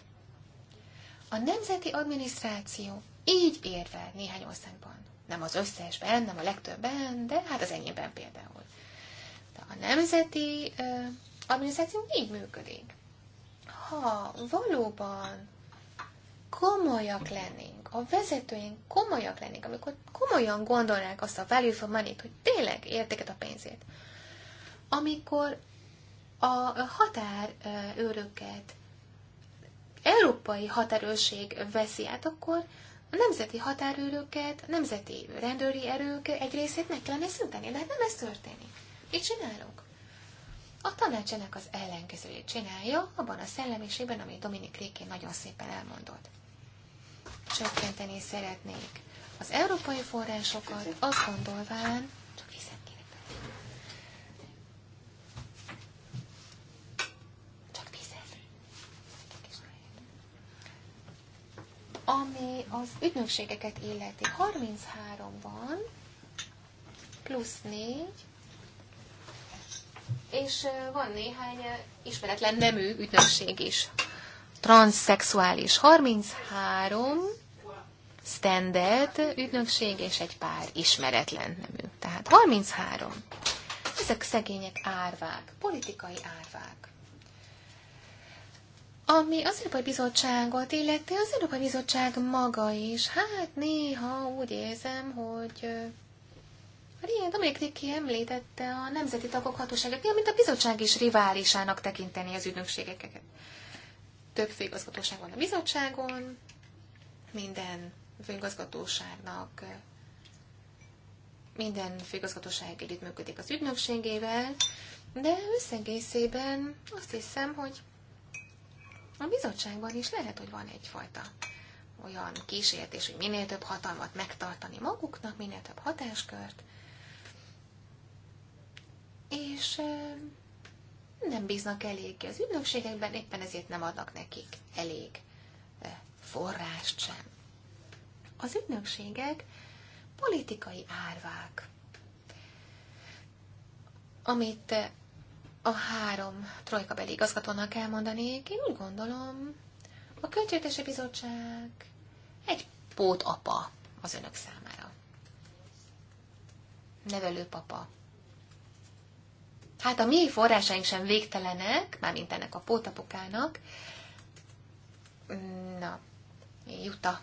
A nemzeti adminisztráció így érvel néhány országban, nem az összesben, nem a legtöbben, de hát az enyémben például. De a nemzeti ö, adminisztráció még működik. Ha valóban komolyak lennénk, a vezetőink komolyak lennénk, amikor komolyan gondolnák azt a value for money hogy tényleg értéket a pénzét, amikor a határőröket európai határőrség veszi át, akkor a nemzeti határőröket, a nemzeti rendőri erők egy részét meg kellene szüntetni, de hát nem ez történik. Mit csinálunk? A tanács ennek az ellenkezőjét csinálja, abban a szellemiségben, amit Dominik Rékén nagyon szépen elmondott. Csökkenteni szeretnék az európai forrásokat, azt gondolván, Ami az ügynökségeket illeti, 33 van, plusz 4, és van néhány ismeretlen nemű ügynökség is. Transzexuális 33, standard ügynökség, és egy pár ismeretlen nemű. Tehát 33. Ezek szegények árvák, politikai árvák. Ami az Európai Bizottságot illeti, az Európai Bizottság maga is. Hát néha úgy érzem, hogy ilyen Dominik Riki említette a nemzeti tagok hatóságát, amit a bizottság is riválisának tekinteni az ügynökségeket. Több főigazgatóság van a bizottságon, minden főigazgatóságnak minden főigazgatóság együttműködik az ügynökségével, de összegészében azt hiszem, hogy a bizottságban is lehet, hogy van egyfajta olyan kísértés, hogy minél több hatalmat megtartani maguknak, minél több hatáskört, és nem bíznak elég, az ügynökségekben, éppen ezért nem adnak nekik elég forrást sem. Az ügynökségek politikai árvák, amit a három beli igazgatónak elmondanék, én úgy gondolom, a Költségvetési Bizottság egy pótapa az önök számára. Nevelőpapa. Hát a mi forrásaink sem végtelenek, mármint ennek a pótapokának. Na, juta.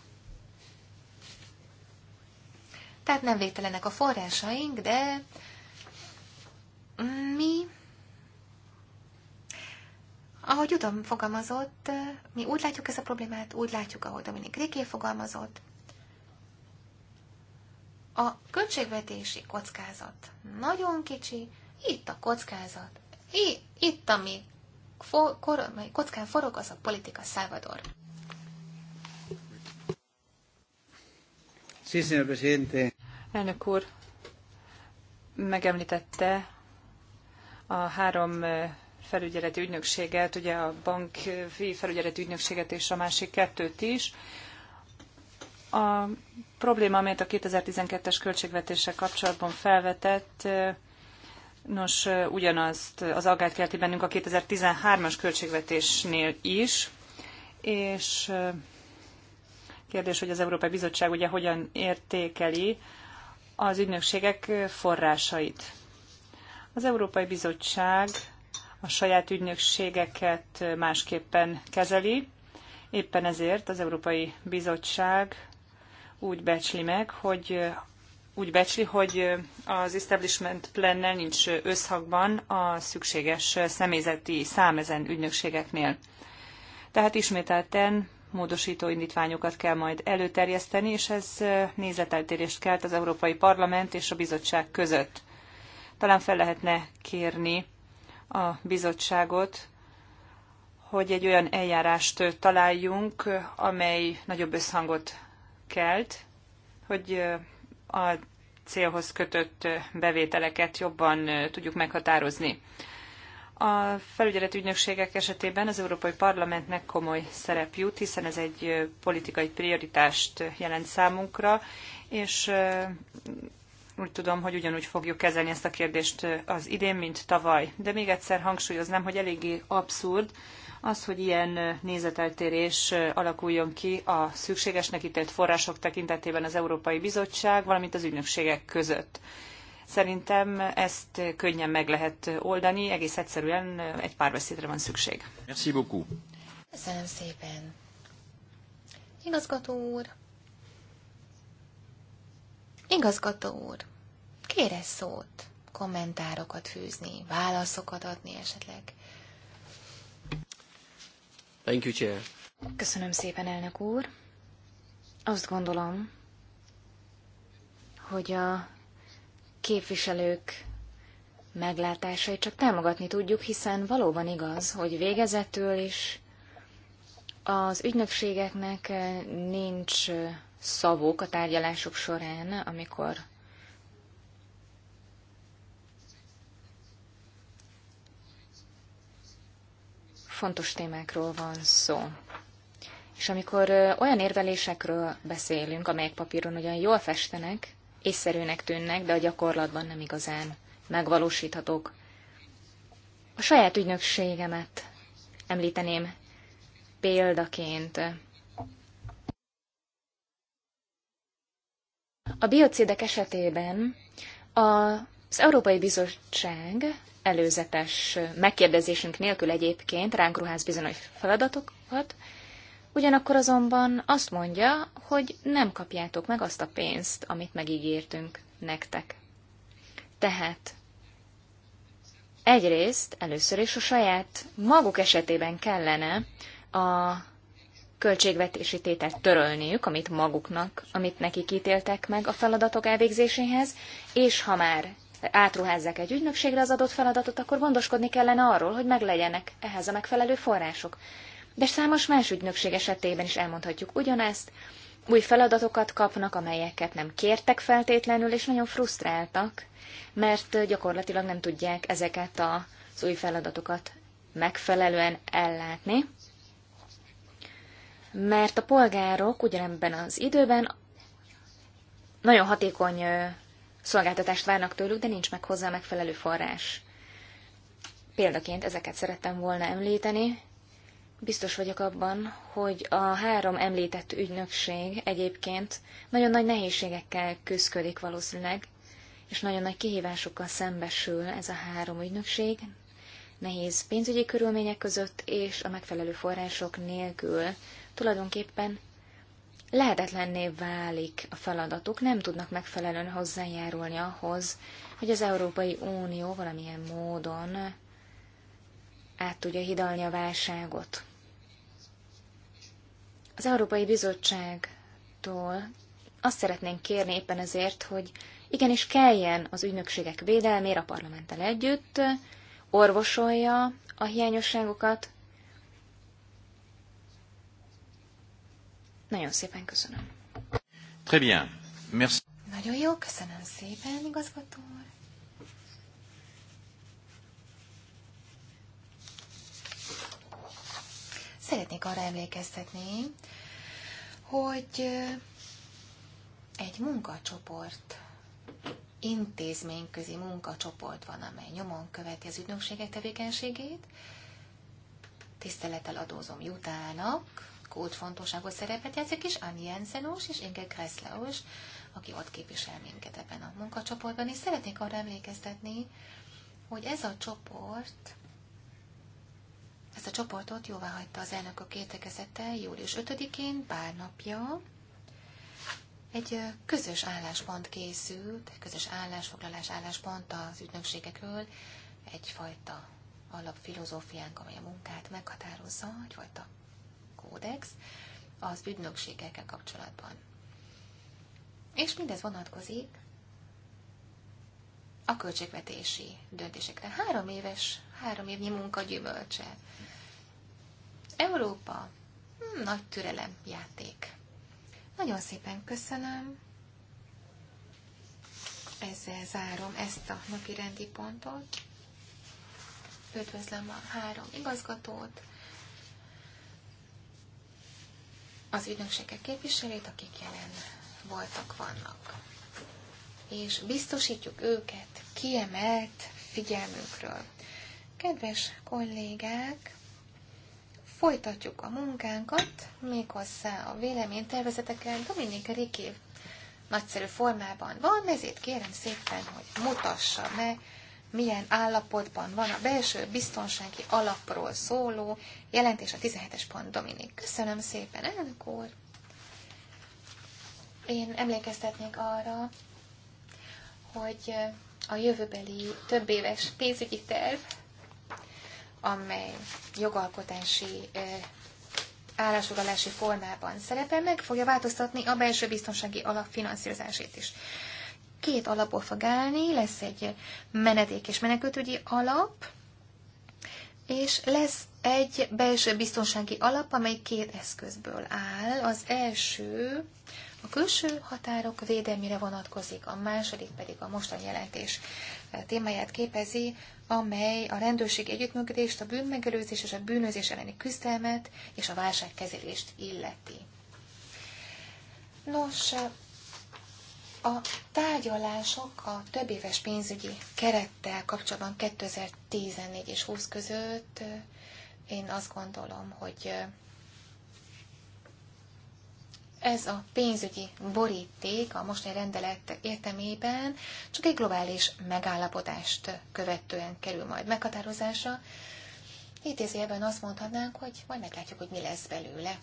Tehát nem végtelenek a forrásaink, de mi ahogy Udom fogalmazott, eh, mi úgy látjuk ezt a problémát, úgy látjuk, ahogy Dominik Riké fogalmazott. A költségvetési kockázat nagyon kicsi, itt a kockázat, itt, ami for, kor, kockán forog, az a politika Salvador. Sí, señor presidente. Elnök úr, megemlítette a három eh, felügyeleti ügynökséget, ugye a banki felügyeleti ügynökséget és a másik kettőt is. A probléma, amelyet a 2012-es költségvetéssel kapcsolatban felvetett, nos, ugyanazt az aggályt kelti bennünk a 2013-as költségvetésnél is, és kérdés, hogy az Európai Bizottság ugye hogyan értékeli az ügynökségek forrásait. Az Európai Bizottság a saját ügynökségeket másképpen kezeli. Éppen ezért az Európai Bizottság úgy becsli meg, hogy úgy becsli, hogy az establishment plannel nincs összhangban a szükséges személyzeti szám ezen ügynökségeknél. Tehát ismételten módosító indítványokat kell majd előterjeszteni, és ez nézeteltérést kelt az Európai Parlament és a bizottság között. Talán fel lehetne kérni a bizottságot, hogy egy olyan eljárást találjunk, amely nagyobb összhangot kelt, hogy a célhoz kötött bevételeket jobban tudjuk meghatározni. A felügyeleti ügynökségek esetében az Európai Parlamentnek komoly szerep jut, hiszen ez egy politikai prioritást jelent számunkra, és úgy tudom, hogy ugyanúgy fogjuk kezelni ezt a kérdést az idén, mint tavaly. De még egyszer hangsúlyoznám, hogy eléggé abszurd az, hogy ilyen nézeteltérés alakuljon ki a szükségesnek ítélt források tekintetében az Európai Bizottság, valamint az ügynökségek között. Szerintem ezt könnyen meg lehet oldani, egész egyszerűen egy párbeszédre van szükség. Merci beaucoup. Köszönöm szépen. Igazgató úr. Igazgató úr kére szót, kommentárokat fűzni, válaszokat adni esetleg. Thank you, Chair. Köszönöm szépen, elnök úr. Azt gondolom, hogy a képviselők meglátásait csak támogatni tudjuk, hiszen valóban igaz, hogy végezetül is az ügynökségeknek eh, nincs eh, szavuk a tárgyalások során, amikor fontos témákról van szó. És amikor olyan érvelésekről beszélünk, amelyek papíron ugyan jól festenek, észszerűnek tűnnek, de a gyakorlatban nem igazán megvalósíthatók. A saját ügynökségemet említeném példaként. A biocidek esetében az Európai Bizottság előzetes megkérdezésünk nélkül egyébként ránk ruház bizonyos feladatokat, ugyanakkor azonban azt mondja, hogy nem kapjátok meg azt a pénzt, amit megígértünk nektek. Tehát egyrészt először is a saját maguk esetében kellene a költségvetési tételt törölniük, amit maguknak, amit nekik ítéltek meg a feladatok elvégzéséhez, és ha már átruházzák egy ügynökségre az adott feladatot, akkor gondoskodni kellene arról, hogy meglegyenek ehhez a megfelelő források. De számos más ügynökség esetében is elmondhatjuk ugyanezt, új feladatokat kapnak, amelyeket nem kértek feltétlenül, és nagyon frusztráltak, mert gyakorlatilag nem tudják ezeket az új feladatokat megfelelően ellátni, mert a polgárok ugyanebben az időben nagyon hatékony szolgáltatást várnak tőlük, de nincs meg hozzá megfelelő forrás. Példaként ezeket szerettem volna említeni. Biztos vagyok abban, hogy a három említett ügynökség egyébként nagyon nagy nehézségekkel küzdik valószínűleg, és nagyon nagy kihívásokkal szembesül ez a három ügynökség, nehéz pénzügyi körülmények között és a megfelelő források nélkül. Tulajdonképpen lehetetlenné válik a feladatuk, nem tudnak megfelelően hozzájárulni ahhoz, hogy az Európai Unió valamilyen módon át tudja hidalni a válságot. Az Európai Bizottságtól azt szeretnénk kérni éppen ezért, hogy igenis kelljen az ügynökségek védelmére a parlamenttel együtt, orvosolja a hiányosságokat, Nagyon szépen köszönöm. Très bien. Merci. Nagyon jó, köszönöm szépen, igazgató úr. Szeretnék arra emlékeztetni, hogy egy munkacsoport, intézményközi munkacsoport van, amely nyomon követi az ügynökségek tevékenységét. Tisztelettel adózom Jutának, kulcsfontosságú szerepet játszik, és Anni Jensen úr és Inge Kressler úr, aki ott képvisel minket ebben a munkacsoportban, és szeretnék arra emlékeztetni, hogy ez a csoport, ezt a csoportot jóvá hagyta az elnökök értekezete július 5-én, pár napja, egy közös álláspont készült, egy közös állásfoglalás álláspont az ügynökségekről, egyfajta alapfilozófiánk, amely a munkát meghatározza, egyfajta kódex az ügynökségekkel kapcsolatban. És mindez vonatkozik a költségvetési döntésekre. Három éves, három évnyi munka gyümölcse. Európa nagy türelem játék. Nagyon szépen köszönöm. Ezzel zárom ezt a napi rendi pontot. Üdvözlöm a három igazgatót, az ügynökségek képviselőit, akik jelen voltak, vannak. És biztosítjuk őket kiemelt figyelmükről. Kedves kollégák, folytatjuk a munkánkat, méghozzá a véleménytervezeteken Dominik Riki nagyszerű formában van, ezért kérem szépen, hogy mutassa meg milyen állapotban van a belső biztonsági alapról szóló jelentés a 17-es pont Dominik. Köszönöm szépen, elnök úr! Én emlékeztetnék arra, hogy a jövőbeli több éves pénzügyi terv, amely jogalkotási állásfoglalási formában szerepel, meg fogja változtatni a belső biztonsági alap finanszírozását is két alapból fog állni, lesz egy menedék és menekültügyi alap, és lesz egy belső biztonsági alap, amely két eszközből áll. Az első a külső határok védelmére vonatkozik, a második pedig a mostani jelentés témáját képezi, amely a rendőrség együttműködést, a bűnmegelőzés és a bűnözés elleni küzdelmet és a válságkezelést illeti. Nos, a tárgyalások a több éves pénzügyi kerettel kapcsolatban 2014 és 20 között én azt gondolom, hogy ez a pénzügyi boríték a mostani rendelet értemében csak egy globális megállapodást követően kerül majd meghatározásra. Idézőjelben azt mondhatnánk, hogy majd meglátjuk, hogy mi lesz belőle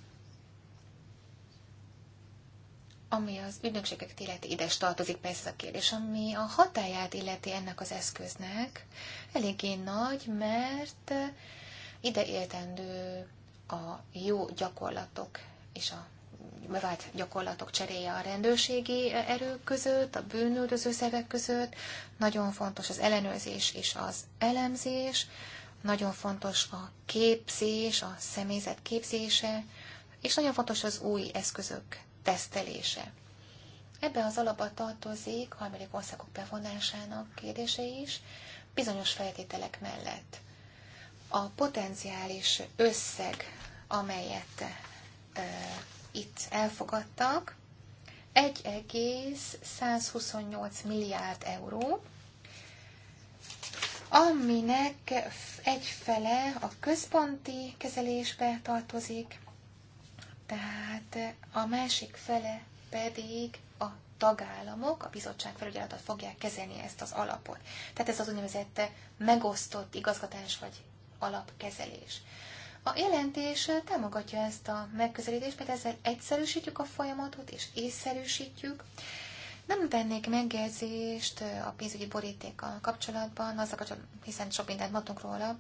ami az ügynökségek illeti ide tartozik persze a kérdés, ami a hatáját illeti ennek az eszköznek, eléggé nagy, mert eh, ide értendő a jó gyakorlatok és a bevált gyakorlatok cseréje a rendőrségi eh, erők között, a bűnüldöző szervek között. Nagyon fontos az ellenőrzés és az elemzés, nagyon fontos a képzés, a személyzet képzése, és nagyon fontos az új eszközök tesztelése. Ebben az alapba tartozik harmadik országok bevonásának kérdése is, bizonyos feltételek mellett. A potenciális összeg, amelyet e, itt elfogadtak, 1,128 milliárd euró, aminek egy a központi kezelésbe tartozik, tehát eh, a másik fele pedig a tagállamok, a bizottság felügyeletet fogják kezelni ezt az alapot. Tehát ez az úgynevezett eh, megosztott igazgatás vagy alapkezelés. A jelentés eh, támogatja ezt a megközelítést, mert ezzel egyszerűsítjük a folyamatot és észszerűsítjük. Nem tennék megjegyzést a pénzügyi borítékkal kapcsolatban, azzal kapcsolatban, hiszen sok mindent mondtunk róla.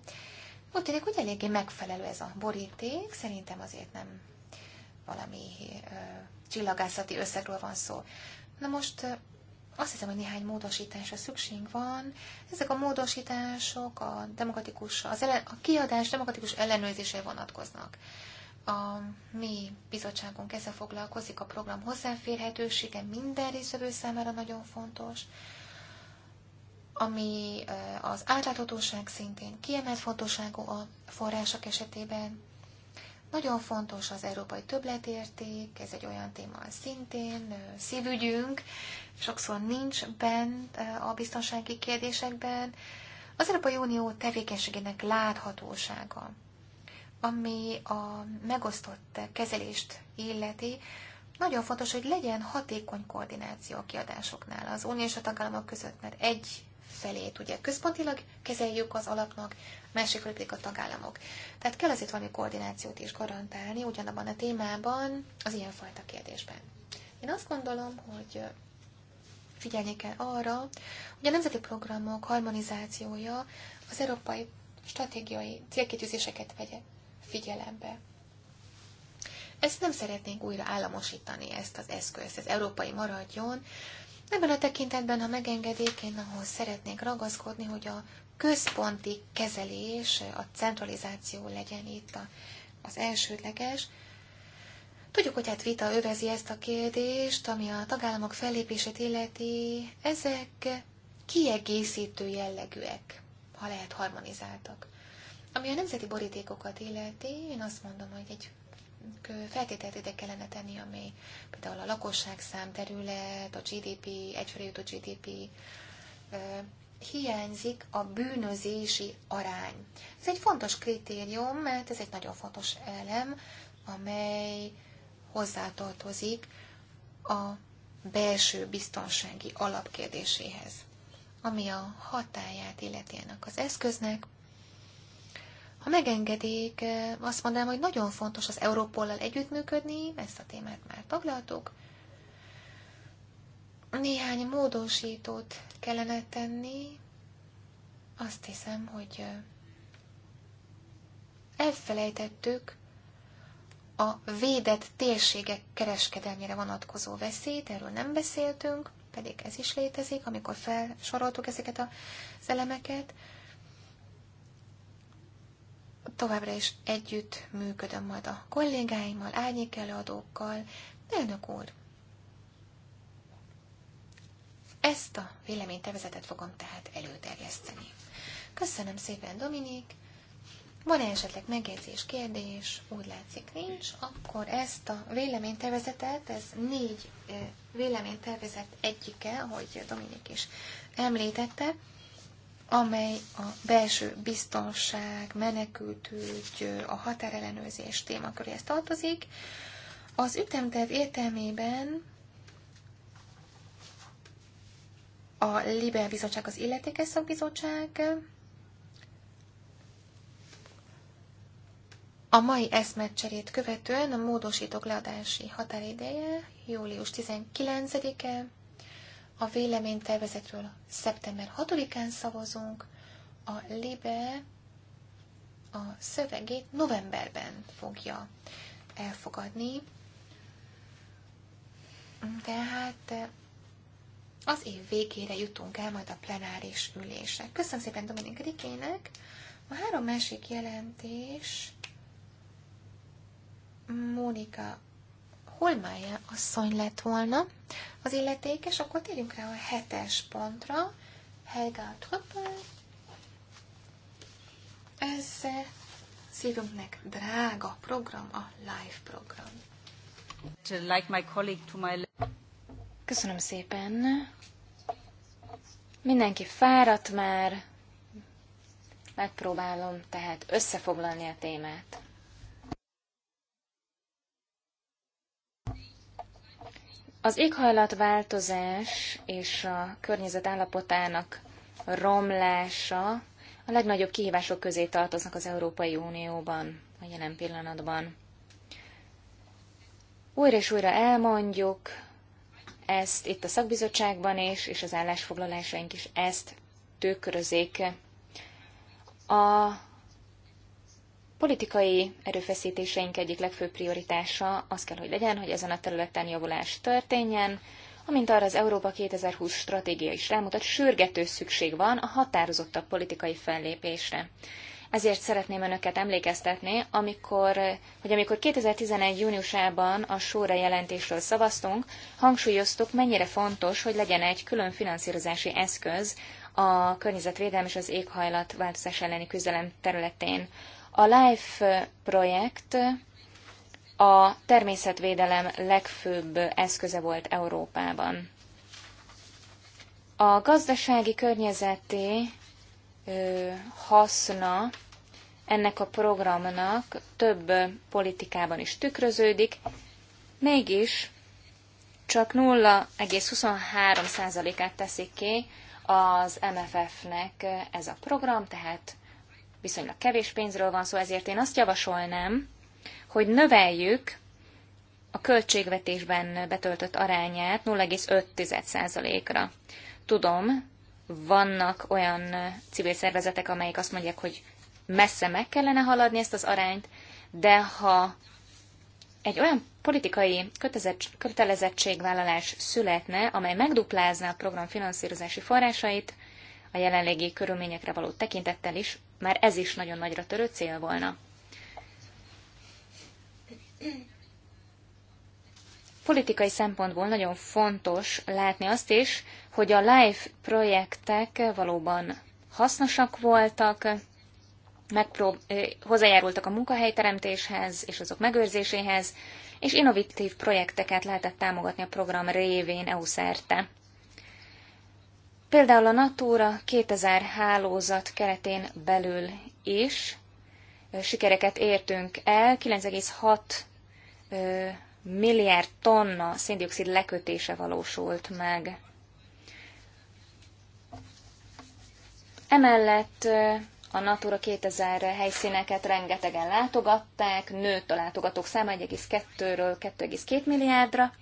Úgy tűnik, hogy eléggé megfelelő ez a boríték, szerintem azért nem valami csillagászati összegről van szó. Na most azt hiszem, hogy néhány módosításra szükség van. Ezek a módosítások a, demokratikus, az ele, a kiadás demokratikus ellenőrzése vonatkoznak. A mi bizottságunk ezzel foglalkozik, a program hozzáférhetősége minden részvevő számára nagyon fontos, ami az átláthatóság szintén kiemelt fontosságú a források esetében, nagyon fontos az európai többletérték, ez egy olyan téma szintén, szívügyünk, sokszor nincs bent a biztonsági kérdésekben. Az Európai Unió tevékenységének láthatósága, ami a megosztott kezelést illeti, nagyon fontos, hogy legyen hatékony koordináció a kiadásoknál az unió és a tagállamok között, mert egy felét ugye központilag kezeljük az alapnak, másik pedig a tagállamok. Tehát kell azért valami koordinációt is garantálni ugyanabban a témában, az ilyenfajta kérdésben. Én azt gondolom, hogy figyelni kell arra, hogy a nemzeti programok harmonizációja az európai stratégiai célkitűzéseket vegye figyelembe. Ezt nem szeretnénk újra államosítani, ezt az eszközt, ez európai maradjon, Ebben a tekintetben, ha megengedik, én ahhoz szeretnék ragaszkodni, hogy a központi kezelés, a centralizáció legyen itt a, az elsődleges. Tudjuk, hogy hát vita övezi ezt a kérdést, ami a tagállamok fellépését illeti, ezek kiegészítő jellegűek, ha lehet harmonizáltak. Ami a nemzeti borítékokat illeti, én azt mondom, hogy egy feltételtétek kellene tenni, amely például a lakosság szám terület, a GDP, egyfelé jutó GDP, hiányzik a bűnözési arány. Ez egy fontos kritérium, mert ez egy nagyon fontos elem, amely hozzátartozik a belső biztonsági alapkérdéséhez, ami a hatáját illeti ennek az eszköznek. Ha megengedik, azt mondanám, hogy nagyon fontos az Európollal együttműködni, ezt a témát már taglaltuk. Néhány módosítót kellene tenni, azt hiszem, hogy elfelejtettük a védett térségek kereskedelmére vonatkozó veszélyt, erről nem beszéltünk, pedig ez is létezik, amikor felsoroltuk ezeket az elemeket továbbra is együtt működöm majd a kollégáimmal, árnyékelőadókkal. Elnök úr, ezt a véleménytevezetet fogom tehát előterjeszteni. Köszönöm szépen, Dominik! Van-e esetleg megjegyzés, kérdés? Úgy látszik nincs. Akkor ezt a véleménytervezetet, ez négy véleménytervezet egyike, ahogy Dominik is említette, amely a belső biztonság, menekültügy, a határellenőrzés témaköréhez tartozik. Az ütemterv értelmében a Liber Bizottság az illetékes szakbizottság, A mai eszmecserét követően a módosítók leadási határideje július 19-e, a véleménytervezetről szeptember 6-án szavazunk, a LIBE a szövegét novemberben fogja elfogadni. Tehát eh, az év végére jutunk el majd a plenáris ülése. Köszönöm szépen Dominik Rikének. A három másik jelentés Mónika Holmája asszony lett volna az illetékes, akkor térjünk rá a hetes pontra. Helga Truppel. Ez eh, szívünknek drága program, a live program. Like my colleague to my... Köszönöm szépen. Mindenki fáradt már. Megpróbálom tehát összefoglalni a témát. Az éghajlatváltozás és a környezet állapotának romlása a legnagyobb kihívások közé tartoznak az Európai Unióban a jelen pillanatban. Újra és újra elmondjuk ezt itt a szakbizottságban is, és az állásfoglalásaink is ezt tükrözik. A Politikai erőfeszítéseink egyik legfőbb prioritása az kell, hogy legyen, hogy ezen a területen javulás történjen, amint arra az Európa 2020 stratégia is rámutat, sürgető szükség van a határozottabb politikai fellépésre. Ezért szeretném önöket emlékeztetni, amikor, hogy amikor 2011. júniusában a Sóra jelentésről szavaztunk, hangsúlyoztuk, mennyire fontos, hogy legyen egy külön finanszírozási eszköz a környezetvédelem és az éghajlatváltozás elleni küzdelem területén. A LIFE projekt a természetvédelem legfőbb eszköze volt Európában. A gazdasági környezeti haszna ennek a programnak több politikában is tükröződik, mégis csak 0,23%-át teszik ki az MFF-nek ez a program, tehát viszonylag kevés pénzről van szó, ezért én azt javasolnám, hogy növeljük a költségvetésben betöltött arányát 0,5%-ra. Tudom, vannak olyan civil szervezetek, amelyek azt mondják, hogy messze meg kellene haladni ezt az arányt, de ha egy olyan politikai kötelezettségvállalás születne, amely megduplázná a program finanszírozási forrásait, a jelenlegi körülményekre való tekintettel is, már ez is nagyon nagyra törő cél volna. Politikai szempontból nagyon fontos látni azt is, hogy a live projektek valóban hasznosak voltak, megprób- hozzájárultak a munkahelyteremtéshez és azok megőrzéséhez, és innovatív projekteket lehetett támogatni a program révén EU szerte. Például a Natura 2000 hálózat keretén belül is sikereket értünk el, 9,6 milliárd tonna széndiokszid lekötése valósult meg. Emellett a Natura 2000 helyszíneket rengetegen látogatták, nőtt a látogatók száma 1,2-ről 2,2 milliárdra,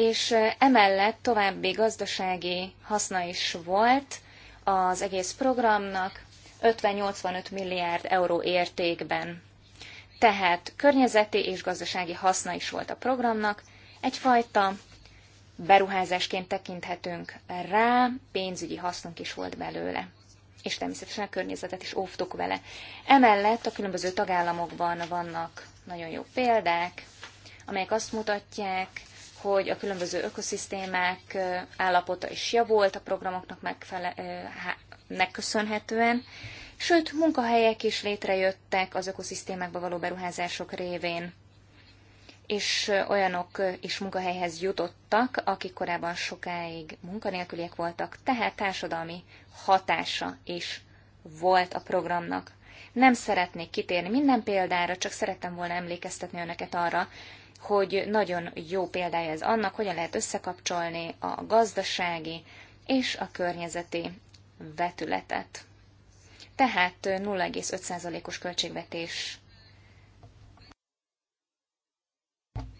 és emellett további gazdasági haszna is volt az egész programnak 50-85 milliárd euró értékben. Tehát környezeti és gazdasági haszna is volt a programnak, egyfajta beruházásként tekinthetünk rá, pénzügyi hasznunk is volt belőle. És természetesen a környezetet is óvtuk vele. Emellett a különböző tagállamokban vannak nagyon jó példák, amelyek azt mutatják, hogy a különböző ökoszisztémák állapota is javult a programoknak megfele- megköszönhetően, sőt, munkahelyek is létrejöttek az ökoszisztémákba való beruházások révén, és olyanok is munkahelyhez jutottak, akik korábban sokáig munkanélküliek voltak, tehát társadalmi hatása is volt a programnak. Nem szeretnék kitérni minden példára, csak szerettem volna emlékeztetni önöket arra, hogy nagyon jó példája ez annak, hogyan lehet összekapcsolni a gazdasági és a környezeti vetületet. Tehát 0,5%-os költségvetés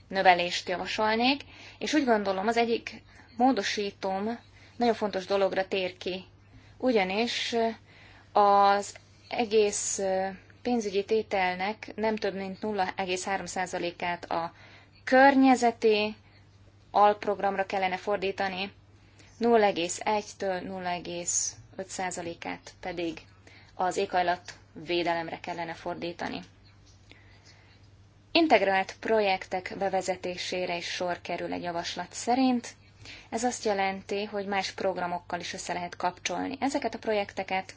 növelést javasolnék, és úgy gondolom az egyik módosítom nagyon fontos dologra tér ki, ugyanis az egész pénzügyi tételnek nem több mint 0,3%-át a környezeti alprogramra kellene fordítani, 0,1-től 0,5%-át pedig az éghajlat védelemre kellene fordítani. Integrált projektek bevezetésére is sor kerül egy javaslat szerint. Ez azt jelenti, hogy más programokkal is össze lehet kapcsolni ezeket a projekteket.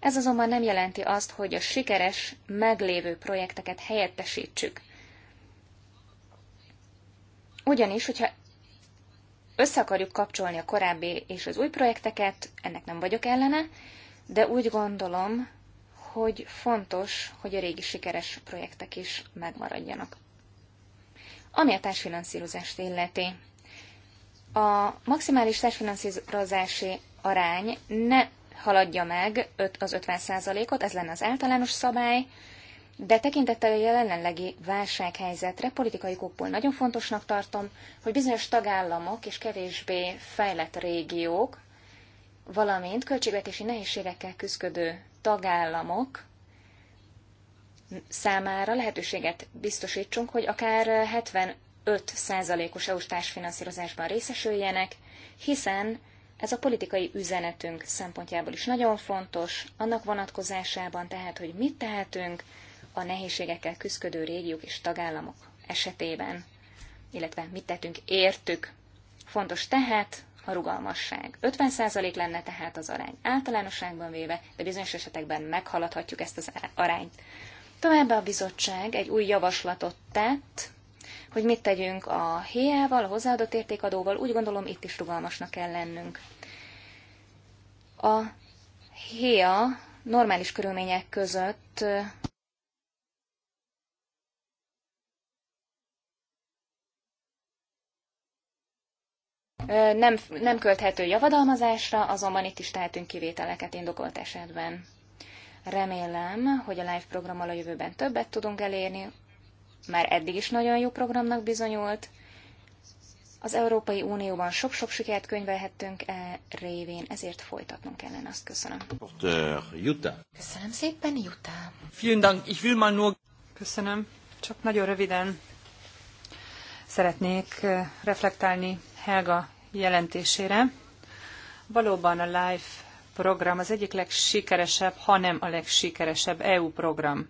Ez azonban nem jelenti azt, hogy a sikeres, meglévő projekteket helyettesítsük. Ugyanis, hogyha össze akarjuk kapcsolni a korábbi és az új projekteket, ennek nem vagyok ellene, de úgy gondolom, hogy fontos, hogy a régi sikeres projektek is megmaradjanak. Ami a társfinanszírozást illeti. A maximális társfinanszírozási arány ne haladja meg az 50%-ot, ez lenne az általános szabály, de tekintettel a jelenlegi válsághelyzetre politikai okból nagyon fontosnak tartom, hogy bizonyos tagállamok és kevésbé fejlett régiók, valamint költségvetési nehézségekkel küszködő tagállamok számára lehetőséget biztosítsunk, hogy akár 75%-os EU-s társfinanszírozásban részesüljenek, hiszen ez a politikai üzenetünk szempontjából is nagyon fontos, annak vonatkozásában tehát, hogy mit tehetünk, a nehézségekkel küzdködő régiók és tagállamok esetében, illetve mit tettünk értük. Fontos tehát a rugalmasság. 50% lenne tehát az arány általánosságban véve, de bizonyos esetekben meghaladhatjuk ezt az arányt. Továbbá a bizottság egy új javaslatot tett, hogy mit tegyünk a héjával, a hozzáadott értékadóval, úgy gondolom itt is rugalmasnak kell lennünk. A héja normális körülmények között nem, nem költhető javadalmazásra, azonban itt is tehetünk kivételeket indokolt esetben. Remélem, hogy a live programmal a jövőben többet tudunk elérni, már eddig is nagyon jó programnak bizonyult. Az Európai Unióban sok-sok sikert könyvelhettünk e révén, ezért folytatnunk kellene, azt köszönöm. Köszönöm szépen, Jutta. Vielen Dank, ich will mal nur... Köszönöm, csak nagyon röviden szeretnék reflektálni Helga jelentésére. Valóban a LIFE program az egyik legsikeresebb, hanem a legsikeresebb EU program.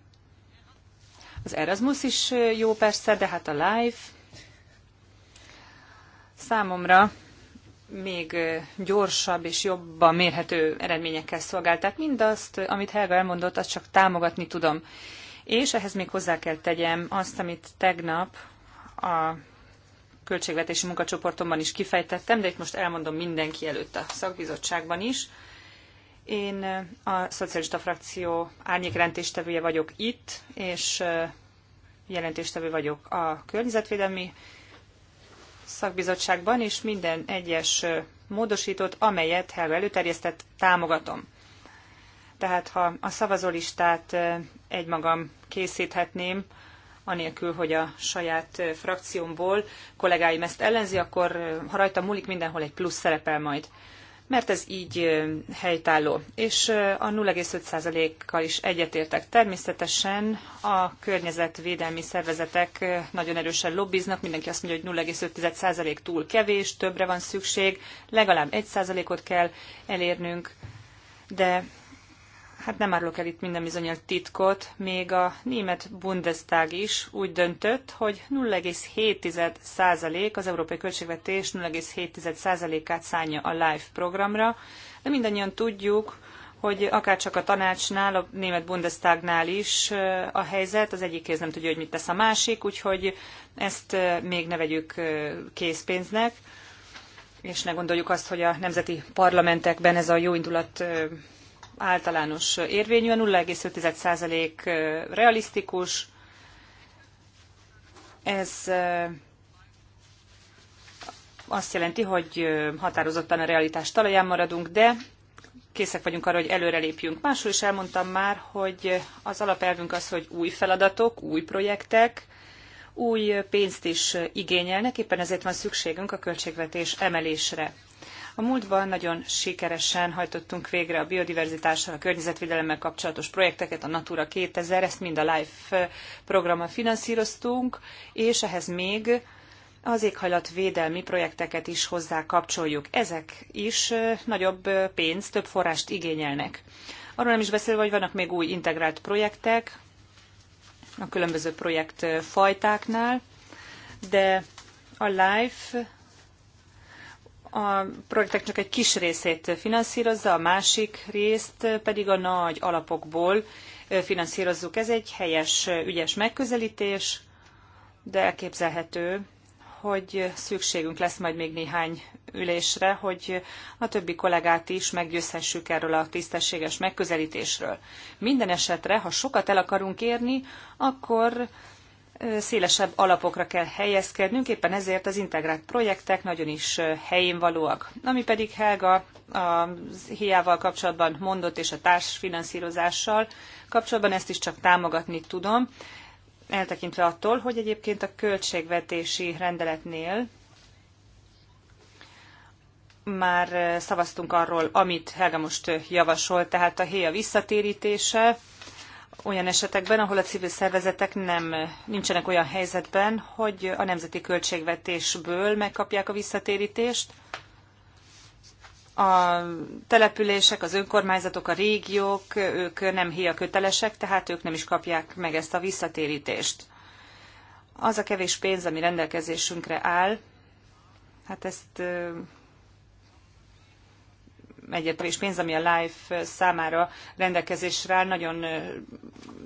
Az Erasmus is jó persze, de hát a LIFE számomra még gyorsabb és jobban mérhető eredményekkel szolgál. Tehát mindazt, amit Helga elmondott, azt csak támogatni tudom. És ehhez még hozzá kell tegyem azt, amit tegnap a költségvetési munkacsoportomban is kifejtettem, de itt most elmondom mindenki előtt a szakbizottságban is. Én a szocialista frakció árnyékrendtéstevője vagyok itt, és jelentéstevő vagyok a környezetvédelmi szakbizottságban, és minden egyes módosítót, amelyet Helga előterjesztett, támogatom. Tehát ha a szavazólistát egymagam készíthetném, anélkül, hogy a saját frakciómból kollégáim ezt ellenzi, akkor ha rajta múlik, mindenhol egy plusz szerepel majd. Mert ez így helytálló. És a 0,5%-kal is egyetértek. Természetesen a környezetvédelmi szervezetek nagyon erősen lobbiznak, mindenki azt mondja, hogy 0,5% túl kevés, többre van szükség, legalább 1%-ot kell elérnünk, de hát nem árulok el itt minden bizonyos titkot, még a német Bundestag is úgy döntött, hogy 0,7% az európai költségvetés 0,7%-át szánja a LIFE programra, de mindannyian tudjuk, hogy akárcsak a tanácsnál, a német Bundestagnál is a helyzet, az egyik kéz nem tudja, hogy mit tesz a másik, úgyhogy ezt még ne vegyük készpénznek, és ne gondoljuk azt, hogy a nemzeti parlamentekben ez a jóindulat általános érvényű, a 0,5% realisztikus. Ez azt jelenti, hogy határozottan a realitás talaján maradunk, de készek vagyunk arra, hogy előrelépjünk. Másul is elmondtam már, hogy az alapelvünk az, hogy új feladatok, új projektek, új pénzt is igényelnek, éppen ezért van szükségünk a költségvetés emelésre. A múltban nagyon sikeresen hajtottunk végre a biodiverzitással, a környezetvédelemmel kapcsolatos projekteket, a Natura 2000, ezt mind a LIFE programmal finanszíroztunk, és ehhez még az éghajlatvédelmi projekteket is hozzá kapcsoljuk. Ezek is nagyobb pénzt, több forrást igényelnek. Arról nem is beszélve, hogy vannak még új integrált projektek a különböző projektfajtáknál, de a LIFE a projektek csak egy kis részét finanszírozza, a másik részt pedig a nagy alapokból finanszírozzuk. Ez egy helyes, ügyes megközelítés, de elképzelhető, hogy szükségünk lesz majd még néhány ülésre, hogy a többi kollégát is meggyőzhessük erről a tisztességes megközelítésről. Minden esetre, ha sokat el akarunk érni, akkor szélesebb alapokra kell helyezkednünk, éppen ezért az integrált projektek nagyon is helyén valóak. Ami pedig Helga a hiával kapcsolatban mondott, és a társfinanszírozással kapcsolatban ezt is csak támogatni tudom, eltekintve attól, hogy egyébként a költségvetési rendeletnél már szavaztunk arról, amit Helga most javasolt, tehát a héja visszatérítése, olyan esetekben, ahol a civil szervezetek nem nincsenek olyan helyzetben, hogy a nemzeti költségvetésből megkapják a visszatérítést. A települések, az önkormányzatok, a régiók, ők nem héja kötelesek, tehát ők nem is kapják meg ezt a visszatérítést. Az a kevés pénz, ami rendelkezésünkre áll, hát ezt egyet is pénz, ami a Life számára rendelkezésre áll, nagyon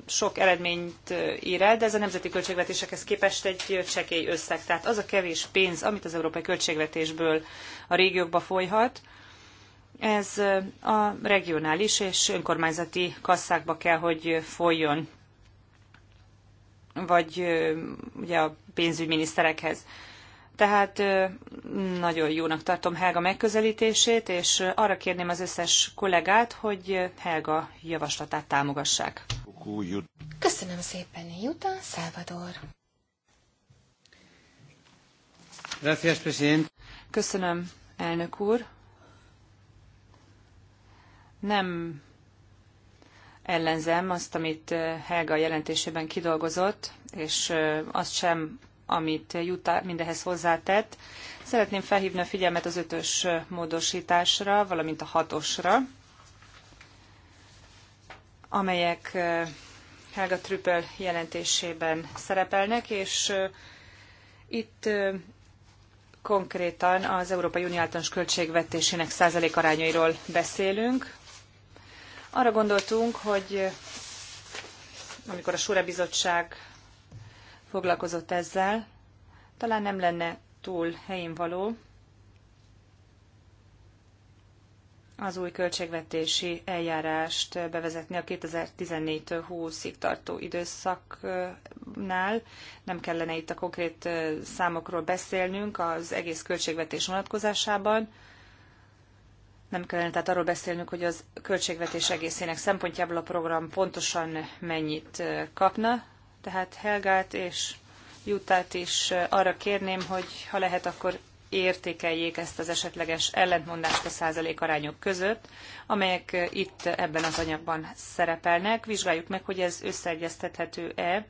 sok eredményt ír el, de ez a nemzeti költségvetésekhez képest egy csekély összeg. Tehát az a kevés pénz, amit az európai költségvetésből a régiókba folyhat, ez a regionális és önkormányzati kasszákba kell, hogy folyjon, vagy ugye a pénzügyminiszterekhez. Tehát nagyon jónak tartom Helga megközelítését, és arra kérném az összes kollégát, hogy Helga javaslatát támogassák. Köszönöm szépen, Juta, Salvador. president. Köszönöm, elnök úr. Nem ellenzem azt, amit Helga jelentésében kidolgozott, és azt sem amit Juta mindehhez hozzátett. Szeretném felhívni a figyelmet az ötös módosításra, valamint a hatosra, amelyek Helga Trüppel jelentésében szerepelnek, és itt konkrétan az Európai Unió általános költségvetésének százalék arányairól beszélünk. Arra gondoltunk, hogy amikor a Súra Bizottság foglalkozott ezzel, talán nem lenne túl helyén való az új költségvetési eljárást bevezetni a 2014-től 20-ig tartó időszaknál. Nem kellene itt a konkrét számokról beszélnünk az egész költségvetés vonatkozásában. Nem kellene tehát arról beszélnünk, hogy az költségvetés egészének szempontjából a program pontosan mennyit kapna, tehát Helgát és Jutát is arra kérném, hogy ha lehet, akkor értékeljék ezt az esetleges ellentmondást a százalék arányok között, amelyek itt ebben az anyagban szerepelnek. Vizsgáljuk meg, hogy ez összeegyeztethető-e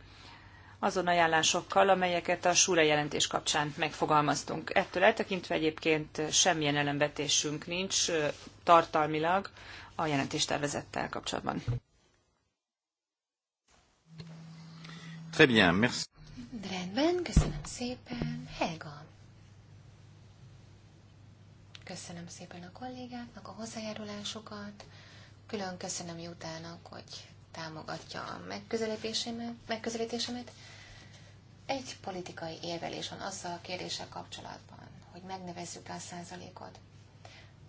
azon ajánlásokkal, amelyeket a Súra jelentés kapcsán megfogalmaztunk. Ettől eltekintve egyébként semmilyen ellenvetésünk nincs tartalmilag a jelentéstervezettel kapcsolatban. Très bien, merci. Rendben, köszönöm szépen. Helga. Köszönöm szépen a kollégáknak a hozzájárulásokat. Külön köszönöm Jutának, hogy támogatja a megközelítésemet. Egy politikai érvelés van azzal a kérdéssel kapcsolatban, hogy megnevezzük a százalékot.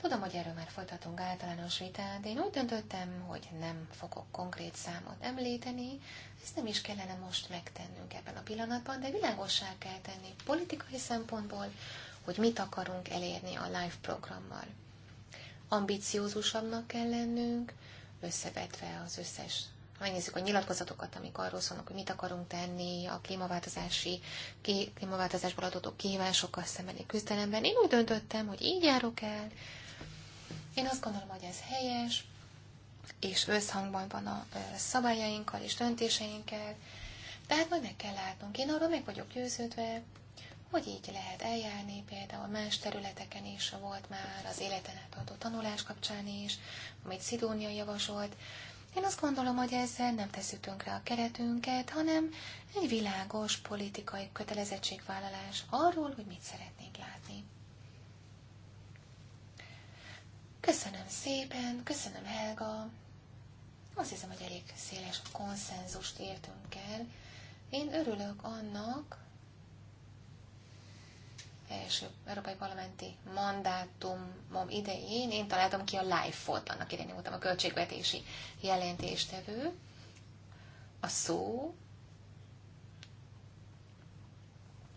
Tudom, hogy erről már folytatunk általános vitát, de én úgy döntöttem, hogy nem fogok konkrét számot említeni, ezt nem is kellene most megtennünk ebben a pillanatban, de világossá kell tenni politikai szempontból, hogy mit akarunk elérni a live programmal. Ambiciózusabbnak kell lennünk, összevetve az összes megnézzük a nyilatkozatokat, amik arról szólnak, hogy mit akarunk tenni a klímaváltozási, klímaváltozásból adódó kihívásokkal szembeni küzdelemben. Én úgy döntöttem, hogy így járok el, én azt gondolom, hogy ez helyes, és összhangban van a szabályainkkal és döntéseinkkel, tehát majd meg kell látnunk. Én arról meg vagyok győződve, hogy így lehet eljárni, például más területeken is volt már az életen átadó tanulás kapcsán is, amit Szidónia javasolt. Én azt gondolom, hogy ezzel nem teszünk tönkre a keretünket, hanem egy világos politikai kötelezettségvállalás arról, hogy mit szeret. Köszönöm szépen, köszönöm Helga. Azt hiszem, hogy elég széles konszenzust értünk el. Én örülök annak, első Európai Parlamenti mandátumom idején én találtam ki a LIFE-ot, annak idején voltam a költségvetési jelentéstevő. A szó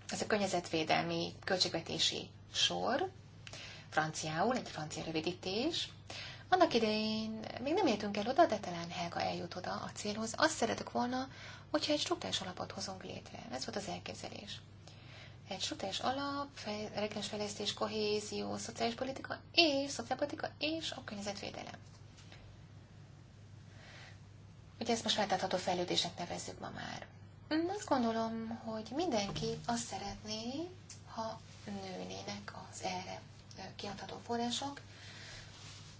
ez a környezetvédelmi költségvetési sor, franciául, egy francia rövidítés. Annak idején még nem értünk el oda, de talán Helga eljut oda a célhoz. Azt szeretek volna, hogyha egy struktúrás alapot hozunk létre. Ez volt az elképzelés. Egy struktúrás alap, fej, fejlesztés, kohézió, szociális politika és szociálpolitika és a környezetvédelem. Ugye ezt most feltátható fejlődésnek nevezzük ma már. Hm, azt gondolom, hogy mindenki azt szeretné, ha nőnének az erre kiadható források.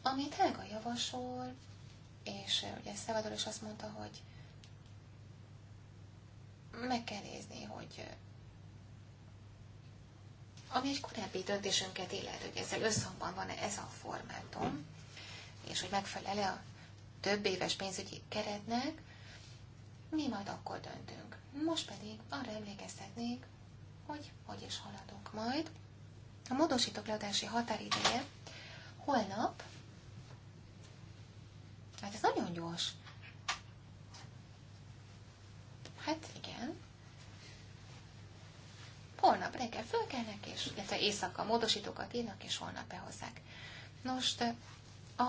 Amit Helga javasol, és eh, ugye Szevador is azt mondta, hogy meg kell nézni, hogy eh, ami egy korábbi döntésünket illet, hogy ezzel összhangban van-e ez a formátum, és hogy megfelele a több éves pénzügyi keretnek, mi majd akkor döntünk. Most pedig arra emlékeztetnék, hogy hogy is haladunk majd. A módosítók leadási határideje holnap, hát ez nagyon gyors. Hát igen. Holnap reggel fölkelnek, és illetve éjszaka módosítókat írnak, és holnap behozzák. Nos, a,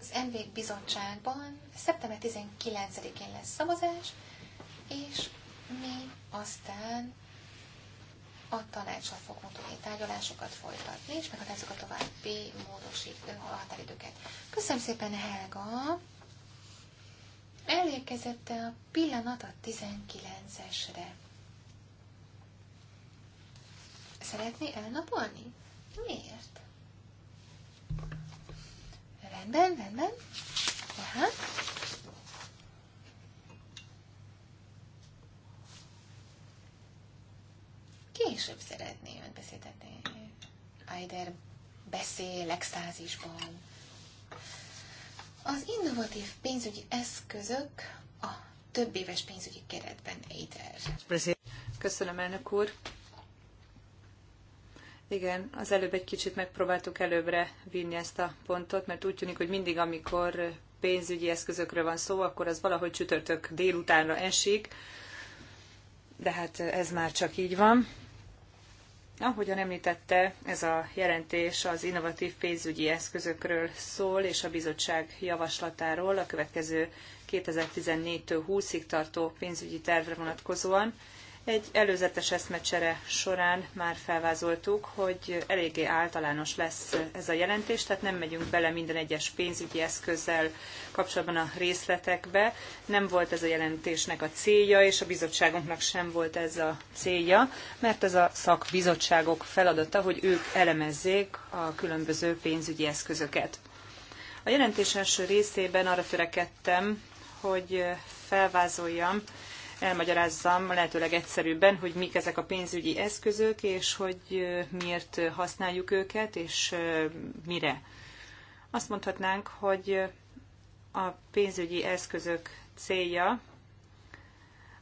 az MV bizottságban szeptember 19-én lesz szavazás, és mi aztán a tanácsal fogunk tudni tárgyalásokat folytatni, és meghatározzuk a további módosító határidőket. Köszönöm szépen, Helga! Elérkezett a pillanat a 19-esre. Szeretné elnapolni? Miért? Rendben, rendben. Tehát, Később szeretné önt beszéltetni. Eider beszél extázisban. Az innovatív pénzügyi eszközök a több éves pénzügyi keretben Eider. Köszönöm, elnök úr. Igen, az előbb egy kicsit megpróbáltuk előbbre vinni ezt a pontot, mert úgy tűnik, hogy mindig, amikor pénzügyi eszközökről van szó, akkor az valahogy csütörtök délutánra esik, de hát ez már csak így van. Ahogyan említette, ez a jelentés az innovatív pénzügyi eszközökről szól, és a bizottság javaslatáról a következő 2014-től 20-ig tartó pénzügyi tervre vonatkozóan, egy előzetes eszmecsere során már felvázoltuk, hogy eléggé általános lesz ez a jelentés, tehát nem megyünk bele minden egyes pénzügyi eszközzel kapcsolatban a részletekbe. Nem volt ez a jelentésnek a célja, és a bizottságunknak sem volt ez a célja, mert ez a szakbizottságok feladata, hogy ők elemezzék a különböző pénzügyi eszközöket. A jelentés első részében arra törekedtem, hogy felvázoljam, elmagyarázzam lehetőleg egyszerűbben, hogy mik ezek a pénzügyi eszközök, és hogy miért használjuk őket, és mire. Azt mondhatnánk, hogy a pénzügyi eszközök célja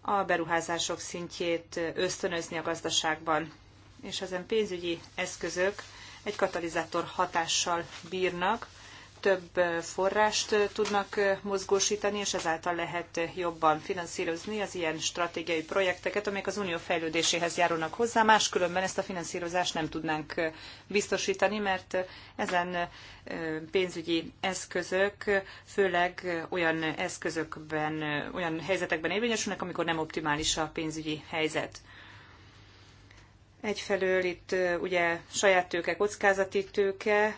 a beruházások szintjét ösztönözni a gazdaságban, és ezen pénzügyi eszközök egy katalizátor hatással bírnak, több forrást tudnak mozgósítani, és ezáltal lehet jobban finanszírozni az ilyen stratégiai projekteket, amelyek az unió fejlődéséhez járulnak hozzá. Máskülönben ezt a finanszírozást nem tudnánk biztosítani, mert ezen pénzügyi eszközök főleg olyan eszközökben, olyan helyzetekben érvényesülnek, amikor nem optimális a pénzügyi helyzet. Egyfelől itt ugye saját tőke, kockázati tőke,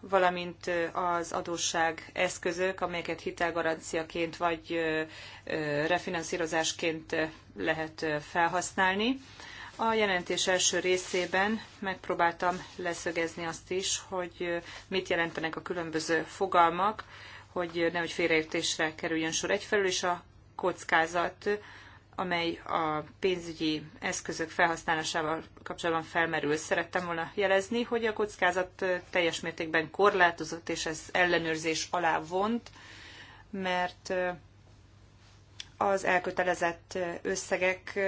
valamint az adósság eszközök, amelyeket hitelgaranciaként vagy refinanszírozásként lehet felhasználni. A jelentés első részében megpróbáltam leszögezni azt is, hogy mit jelentenek a különböző fogalmak, hogy nehogy félreértésre kerüljön sor egyfelől, és a kockázat amely a pénzügyi eszközök felhasználásával kapcsolatban felmerül. Szerettem volna jelezni, hogy a kockázat teljes mértékben korlátozott, és ez ellenőrzés alá vont, mert az elkötelezett összegek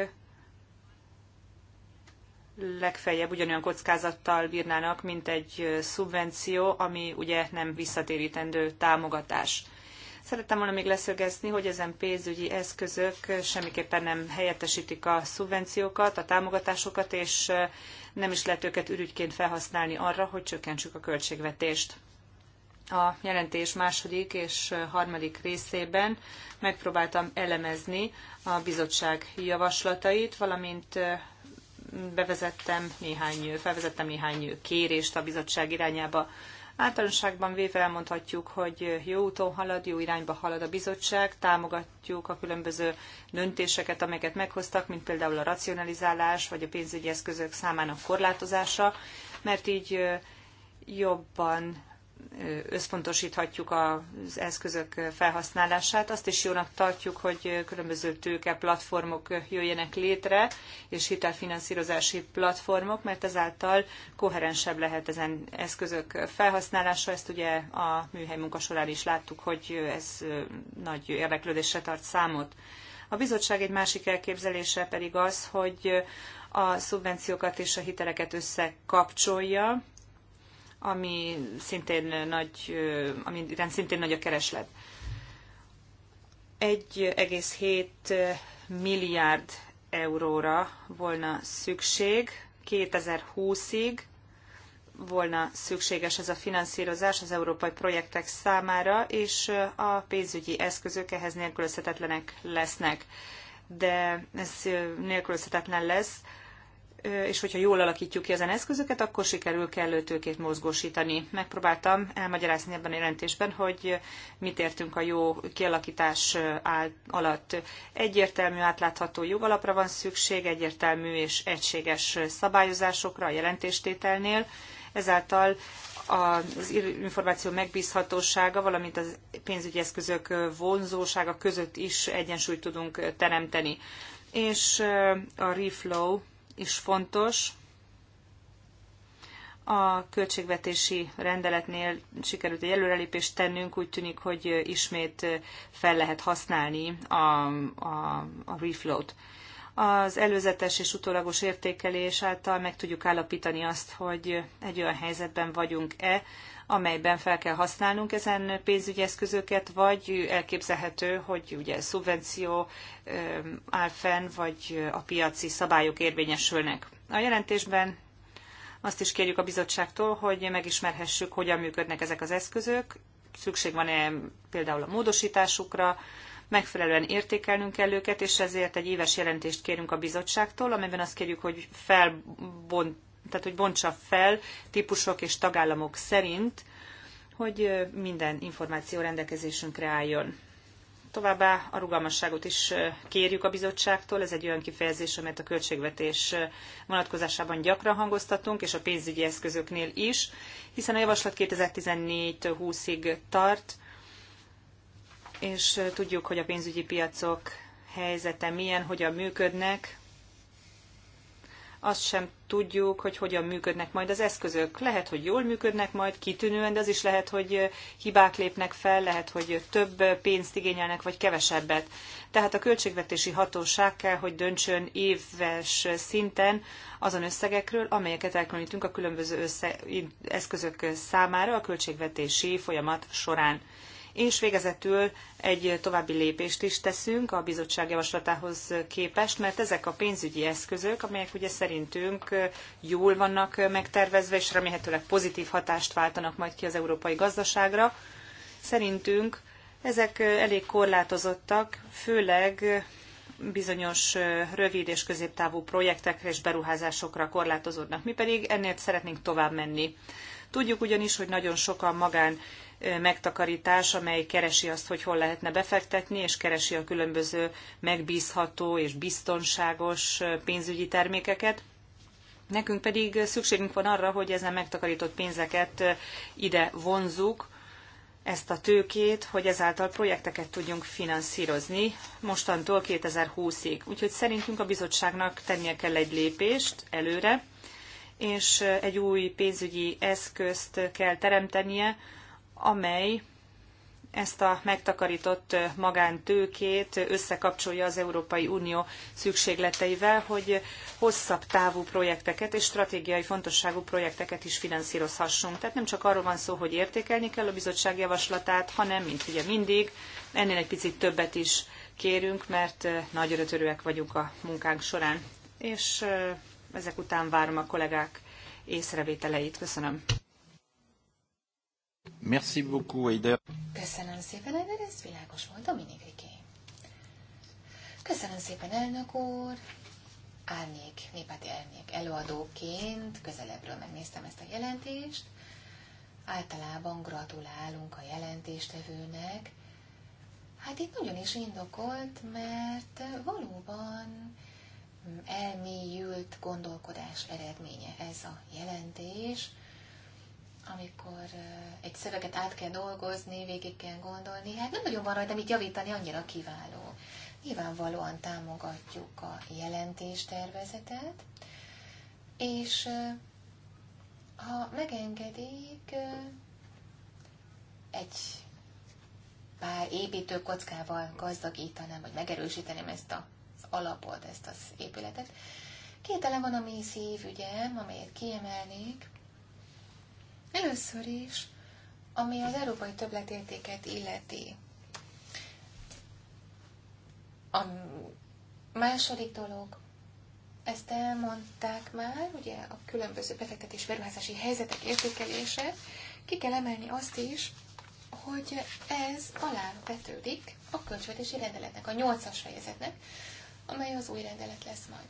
legfeljebb ugyanolyan kockázattal bírnának, mint egy szubvenció, ami ugye nem visszatérítendő támogatás. Szerettem volna még leszögezni, hogy ezen pénzügyi eszközök semmiképpen nem helyettesítik a szubvenciókat, a támogatásokat, és nem is lehet őket ürügyként felhasználni arra, hogy csökkentsük a költségvetést. A jelentés második és harmadik részében megpróbáltam elemezni a bizottság javaslatait, valamint bevezettem néhány, felvezettem néhány kérést a bizottság irányába. Általánosságban véve elmondhatjuk, hogy jó úton halad, jó irányba halad a bizottság, támogatjuk a különböző döntéseket, amelyeket meghoztak, mint például a racionalizálás vagy a pénzügyi eszközök számának korlátozása, mert így jobban összpontosíthatjuk az eszközök felhasználását. Azt is jónak tartjuk, hogy különböző tőke platformok jöjjenek létre, és hitelfinanszírozási platformok, mert ezáltal koherensebb lehet ezen eszközök felhasználása. Ezt ugye a műhely munka során is láttuk, hogy ez nagy érdeklődésre tart számot. A bizottság egy másik elképzelése pedig az, hogy a szubvenciókat és a hiteleket összekapcsolja, ami szintén nagy, ami szintén nagy a kereslet. 1,7 milliárd euróra volna szükség 2020-ig, volna szükséges ez a finanszírozás az európai projektek számára, és a pénzügyi eszközök ehhez nélkülözhetetlenek lesznek. De ez nélkülözhetetlen lesz, és hogyha jól alakítjuk ki ezen eszközöket, akkor sikerül kellő tőkét mozgósítani. Megpróbáltam elmagyarázni ebben a jelentésben, hogy mit értünk a jó kialakítás alatt. Egyértelmű, átlátható jogalapra van szükség, egyértelmű és egységes szabályozásokra a jelentéstételnél, ezáltal az információ megbízhatósága, valamint a pénzügyi eszközök vonzósága között is egyensúlyt tudunk teremteni. És a reflow is fontos. A költségvetési rendeletnél sikerült egy előrelépést tennünk, úgy tűnik, hogy ismét fel lehet használni a, a, a reflow-t az előzetes és utólagos értékelés által meg tudjuk állapítani azt, hogy egy olyan helyzetben vagyunk-e, amelyben fel kell használnunk ezen pénzügyi eszközöket, vagy elképzelhető, hogy ugye szubvenció áll fenn, vagy a piaci szabályok érvényesülnek. A jelentésben azt is kérjük a bizottságtól, hogy megismerhessük, hogyan működnek ezek az eszközök, szükség van-e például a módosításukra, megfelelően értékelnünk kell őket, és ezért egy éves jelentést kérünk a bizottságtól, amelyben azt kérjük, hogy felbont tehát hogy bontsa fel típusok és tagállamok szerint, hogy minden információ rendelkezésünkre álljon. Továbbá a rugalmasságot is kérjük a bizottságtól. Ez egy olyan kifejezés, amelyet a költségvetés vonatkozásában gyakran hangoztatunk, és a pénzügyi eszközöknél is, hiszen a javaslat 2014-20-ig tart, és tudjuk, hogy a pénzügyi piacok helyzete milyen, hogyan működnek, azt sem tudjuk, hogy hogyan működnek majd az eszközök. Lehet, hogy jól működnek majd, kitűnően, de az is lehet, hogy hibák lépnek fel, lehet, hogy több pénzt igényelnek, vagy kevesebbet. Tehát a költségvetési hatóság kell, hogy döntsön éves szinten azon összegekről, amelyeket elkülönítünk a különböző össze- eszközök számára a költségvetési folyamat során és végezetül egy további lépést is teszünk a bizottság javaslatához képest, mert ezek a pénzügyi eszközök, amelyek ugye szerintünk jól vannak megtervezve, és remélhetőleg pozitív hatást váltanak majd ki az európai gazdaságra, szerintünk ezek elég korlátozottak, főleg bizonyos rövid és középtávú projektekre és beruházásokra korlátozódnak. Mi pedig ennél szeretnénk tovább menni. Tudjuk ugyanis, hogy nagyon sokan magán megtakarítás, amely keresi azt, hogy hol lehetne befektetni, és keresi a különböző megbízható és biztonságos pénzügyi termékeket. Nekünk pedig szükségünk van arra, hogy ezen megtakarított pénzeket ide vonzuk, ezt a tőkét, hogy ezáltal projekteket tudjunk finanszírozni mostantól 2020-ig. Úgyhogy szerintünk a bizottságnak tennie kell egy lépést előre, és egy új pénzügyi eszközt kell teremtenie, amely ezt a megtakarított magántőkét összekapcsolja az Európai Unió szükségleteivel, hogy hosszabb távú projekteket és stratégiai fontosságú projekteket is finanszírozhassunk. Tehát nem csak arról van szó, hogy értékelni kell a bizottság javaslatát, hanem, mint ugye mindig, ennél egy picit többet is kérünk, mert nagy örötörőek vagyunk a munkánk során. És ezek után várom a kollégák észrevételeit. Köszönöm. Merci beaucoup, Eider. Köszönöm szépen, Eider, ez világos volt, Dominik Riké. Köszönöm szépen, elnök úr. Árnyék, népáti árnyék előadóként közelebbről megnéztem ezt a jelentést. Általában gratulálunk a jelentéstevőnek. Hát itt nagyon is indokolt, mert valóban elmélyült gondolkodás eredménye ez a jelentés. Amikor egy szöveget át kell dolgozni, végig kell gondolni, hát nem nagyon van rajta mit javítani, annyira kiváló. Nyilvánvalóan támogatjuk a jelentéstervezetet, és ha megengedik, egy pár építőkockával gazdagítanám, vagy megerősíteném ezt a alapot, ezt az épületet. Két elem van, ami szívügyem, amelyet kiemelnék. Először is, ami az európai többletértéket illeti. A második dolog, ezt elmondták már, ugye a különböző befektetés beruházási helyzetek értékelése, ki kell emelni azt is, hogy ez alá vetődik a költségvetési rendeletnek, a nyolcas fejezetnek, amely az új rendelet lesz majd.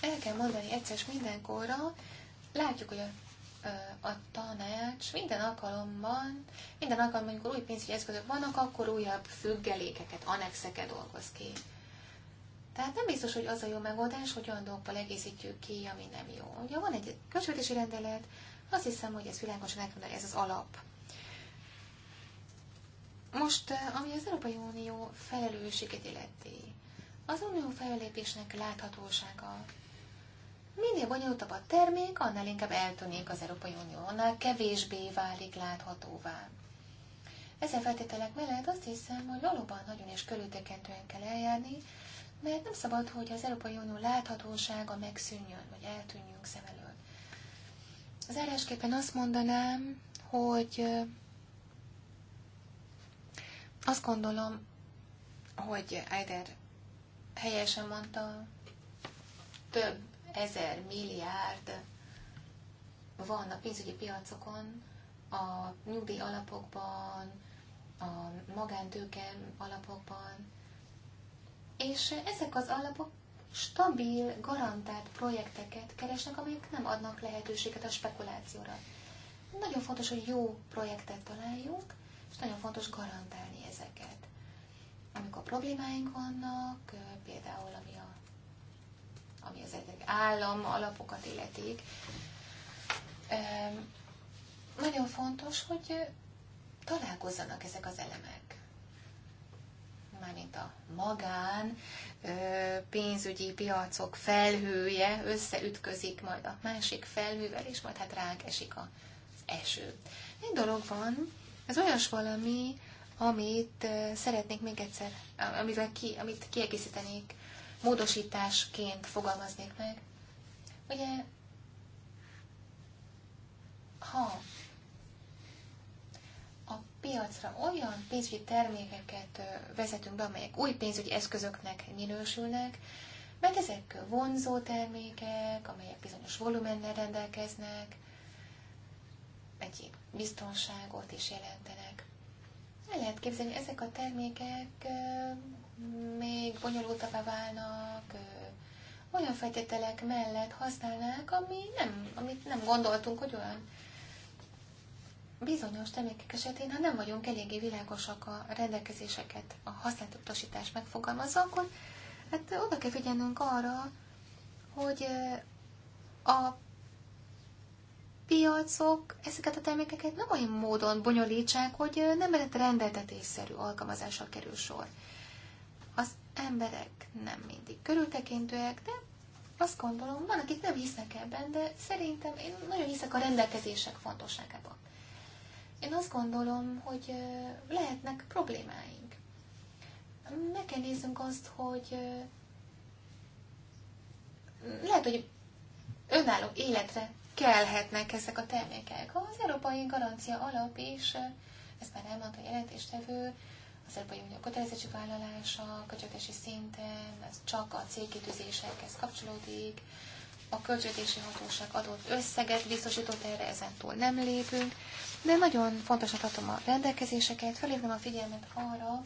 El kell mondani egyszer mindenkorra, látjuk, hogy a a tanács minden alkalommal, minden alkalommal, amikor új pénzügyi eszközök vannak, akkor újabb függelékeket, annexeket dolgoz ki. Tehát nem biztos, hogy az a jó megoldás, hogy olyan dolgokkal egészítjük ki, ami nem jó. Ugye van egy költségvetési rendelet, azt hiszem, hogy ez világosan elmondani, ez az alap. Most, ami az Európai Unió felelősséget illeti, az unió fejlépésnek láthatósága. Minél bonyolultabb a termék, annál inkább eltűnik az Európai Unió, annál kevésbé válik láthatóvá. Ezen feltételek mellett azt hiszem, hogy valóban nagyon és körültekentően kell eljárni, mert nem szabad, hogy az Európai Unió láthatósága megszűnjön, vagy eltűnjünk szem elől. Az állásképpen azt mondanám, hogy azt gondolom, hogy Eider helyesen mondta, több ezer milliárd van a pénzügyi piacokon, a nyugdíj alapokban, a magántőke alapokban, és ezek az alapok stabil, garantált projekteket keresnek, amelyek nem adnak lehetőséget a spekulációra. Nagyon fontos, hogy jó projektet találjunk, és nagyon fontos garantálni ezeket amikor problémáink vannak, például ami, a, ami az egyik állam alapokat illetik, nagyon fontos, hogy találkozzanak ezek az elemek. Mármint a magán pénzügyi piacok felhője összeütközik majd a másik felhővel, és majd hát esik az eső. Egy dolog van, ez olyas valami, amit szeretnék még egyszer, amivel ki, amit kiegészítenék, módosításként fogalmaznék meg. Ugye, ha a piacra olyan pénzügyi termékeket vezetünk be, amelyek új pénzügyi eszközöknek minősülnek, mert ezek vonzó termékek, amelyek bizonyos volumennel rendelkeznek, egy biztonságot is jelentenek. El lehet képzelni, hogy ezek a termékek még bonyolultabbá válnak, olyan feltételek mellett használnák, ami nem, amit nem gondoltunk, hogy olyan bizonyos termékek esetén, ha nem vagyunk eléggé világosak a rendelkezéseket, a használati megfogalmazza, akkor hát oda kell figyelnünk arra, hogy a piacok ezeket a termékeket nem olyan módon bonyolítsák, hogy nem lehet rendeltetésszerű alkalmazásra kerül sor. Az emberek nem mindig körültekintőek, de azt gondolom, van, akik nem hisznek ebben, de szerintem én nagyon hiszek a rendelkezések fontosságában. Én azt gondolom, hogy lehetnek problémáink. Meg kell néznünk azt, hogy lehet, hogy önálló életre kellhetnek ezek a termékek. Az Európai Garancia Alap is, eh, ezt már elmondta a jelentéstevő, az Európai Unió vállalása, költségvetési szinten, ez csak a célkitűzésekhez kapcsolódik, a költségvetési hatóság adott összeget biztosított erre, ezen túl nem lépünk, de nagyon fontosnak tartom a rendelkezéseket, felhívnám a figyelmet arra,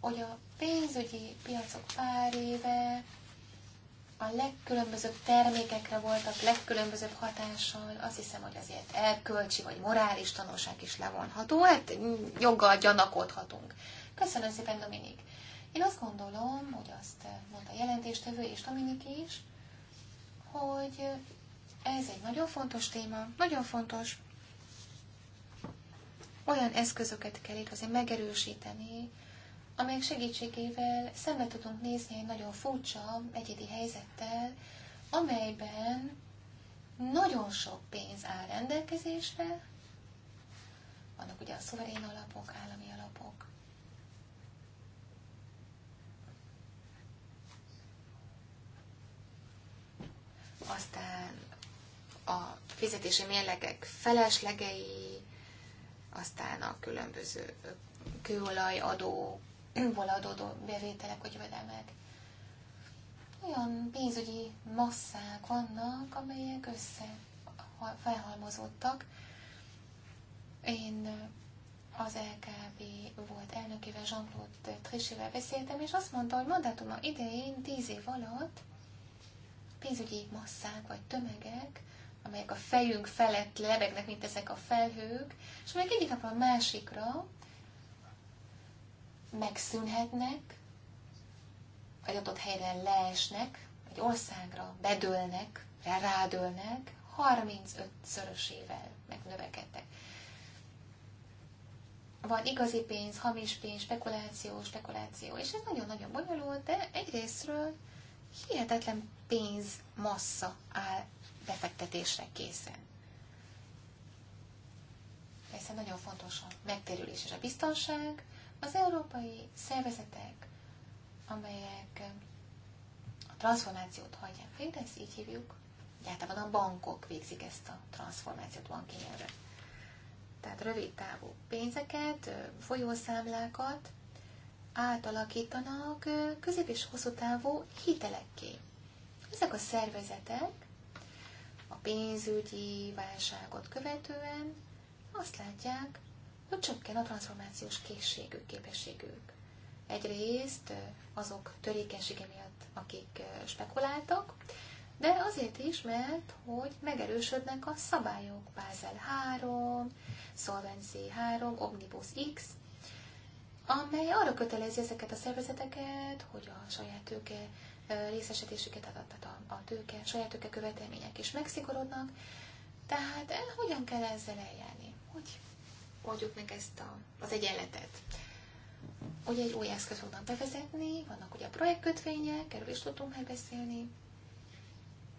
hogy a pénzügyi piacok pár éve a legkülönbözőbb termékekre voltak, legkülönbözőbb hatással, azt hiszem, hogy azért elkölcsi vagy morális tanulság is levonható, hát joggal gyanakodhatunk. Köszönöm szépen, Dominik. Én azt gondolom, hogy azt mondta a jelentéstevő és Dominik is, hogy ez egy nagyon fontos téma, nagyon fontos. Olyan eszközöket kell itt azért megerősíteni, amelyek segítségével szembe tudunk nézni egy nagyon furcsa egyedi helyzettel, amelyben nagyon sok pénz áll rendelkezésre, vannak ugye a szuverén alapok, állami alapok, aztán a fizetési mérlegek feleslegei, aztán a különböző kőolajadók, ból adódó bevételek vagy jövedelmek. Olyan pénzügyi masszák vannak, amelyek össze felhalmozódtak. Én az LKB volt elnökével, Jean-Claude Trichével beszéltem, és azt mondta, hogy mandátuma idején, tíz év alatt pénzügyi masszák vagy tömegek, amelyek a fejünk felett lebegnek, mint ezek a felhők, és amelyek egyik napra a másikra megszűnhetnek, egy adott helyre leesnek, egy országra bedőlnek, rádőlnek, 35-szörösével megnövekedtek. Van igazi pénz, hamis pénz, spekuláció, spekuláció, és ez nagyon-nagyon bonyolult, de egyrésztről hihetetlen pénz massza áll befektetésre készen. Persze nagyon fontos a megtérülés és a biztonság, az európai szervezetek, amelyek a transformációt hagyják végre, ezt így hívjuk, hogy általában a bankok végzik ezt a transformációt banki nyelvre. Tehát rövid távú pénzeket, folyószámlákat átalakítanak közép- és hosszú távú hitelekké. Ezek a szervezetek a pénzügyi válságot követően azt látják, hogy csökken a transformációs készségük, képességük. Egyrészt azok törékenysége miatt, akik spekuláltak, de azért is, mert hogy megerősödnek a szabályok. Bázel 3, Solvency 3, Omnibus X, amely arra kötelezi ezeket a szervezeteket, hogy a saját tőke részesedésüket, adatta a, a tőke, saját tőke követelmények is megszigorodnak. Tehát eh, hogyan kell ezzel eljárni? Hogy oldjuk meg ezt a, az egyenletet. Ugye egy új eszköz fognak bevezetni, vannak ugye a projektkötvények, erről is tudtunk már beszélni,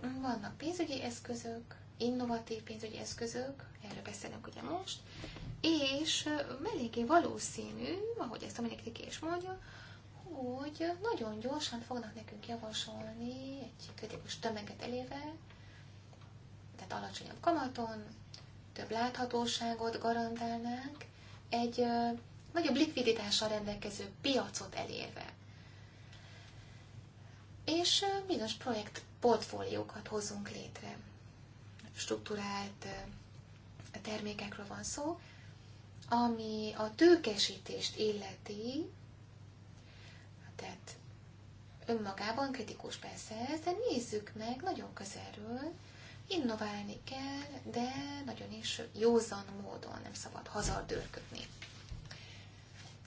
vannak pénzügyi eszközök, innovatív pénzügyi eszközök, erről beszélünk ugye most, és eléggé valószínű, ahogy ezt a mindenki is mondja, hogy nagyon gyorsan fognak nekünk javasolni egy kritikus tömeget elével, tehát alacsonyabb kamaton, több láthatóságot garantálnánk, egy ö, nagyobb likviditással rendelkező piacot elérve. És ö, bizonyos projekt portfóliókat hozunk létre. Strukturált ö, termékekről van szó, ami a tőkesítést illeti, tehát önmagában kritikus persze ez, de nézzük meg nagyon közelről, Innoválni kell, de nagyon is józan módon nem szabad hazardőrködni.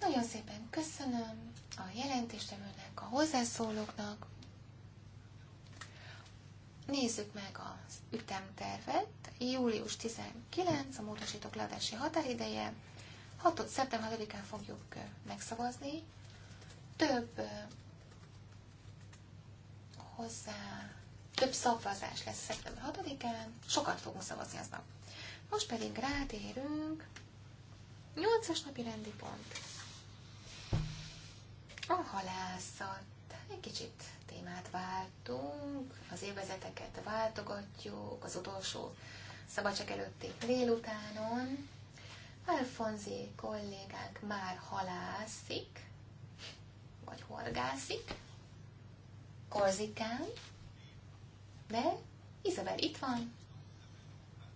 Nagyon szépen köszönöm a jelentéstevőnek, a hozzászólóknak. Nézzük meg az ütemtervet. Július 19 a módosítók leadási határideje. 6, szeptember 6-án fogjuk megszavazni. Több hozzá több szavazás lesz szeptember 6-án, sokat fogunk szavazni aznap. Most pedig rátérünk 8-as napi rendi pont. A halászat. Egy kicsit témát váltunk, az évezeteket váltogatjuk, az utolsó szabadság előtti délutánon. Alfonzi kollégánk már halászik, vagy horgászik, Korzikán, de Izabel itt van.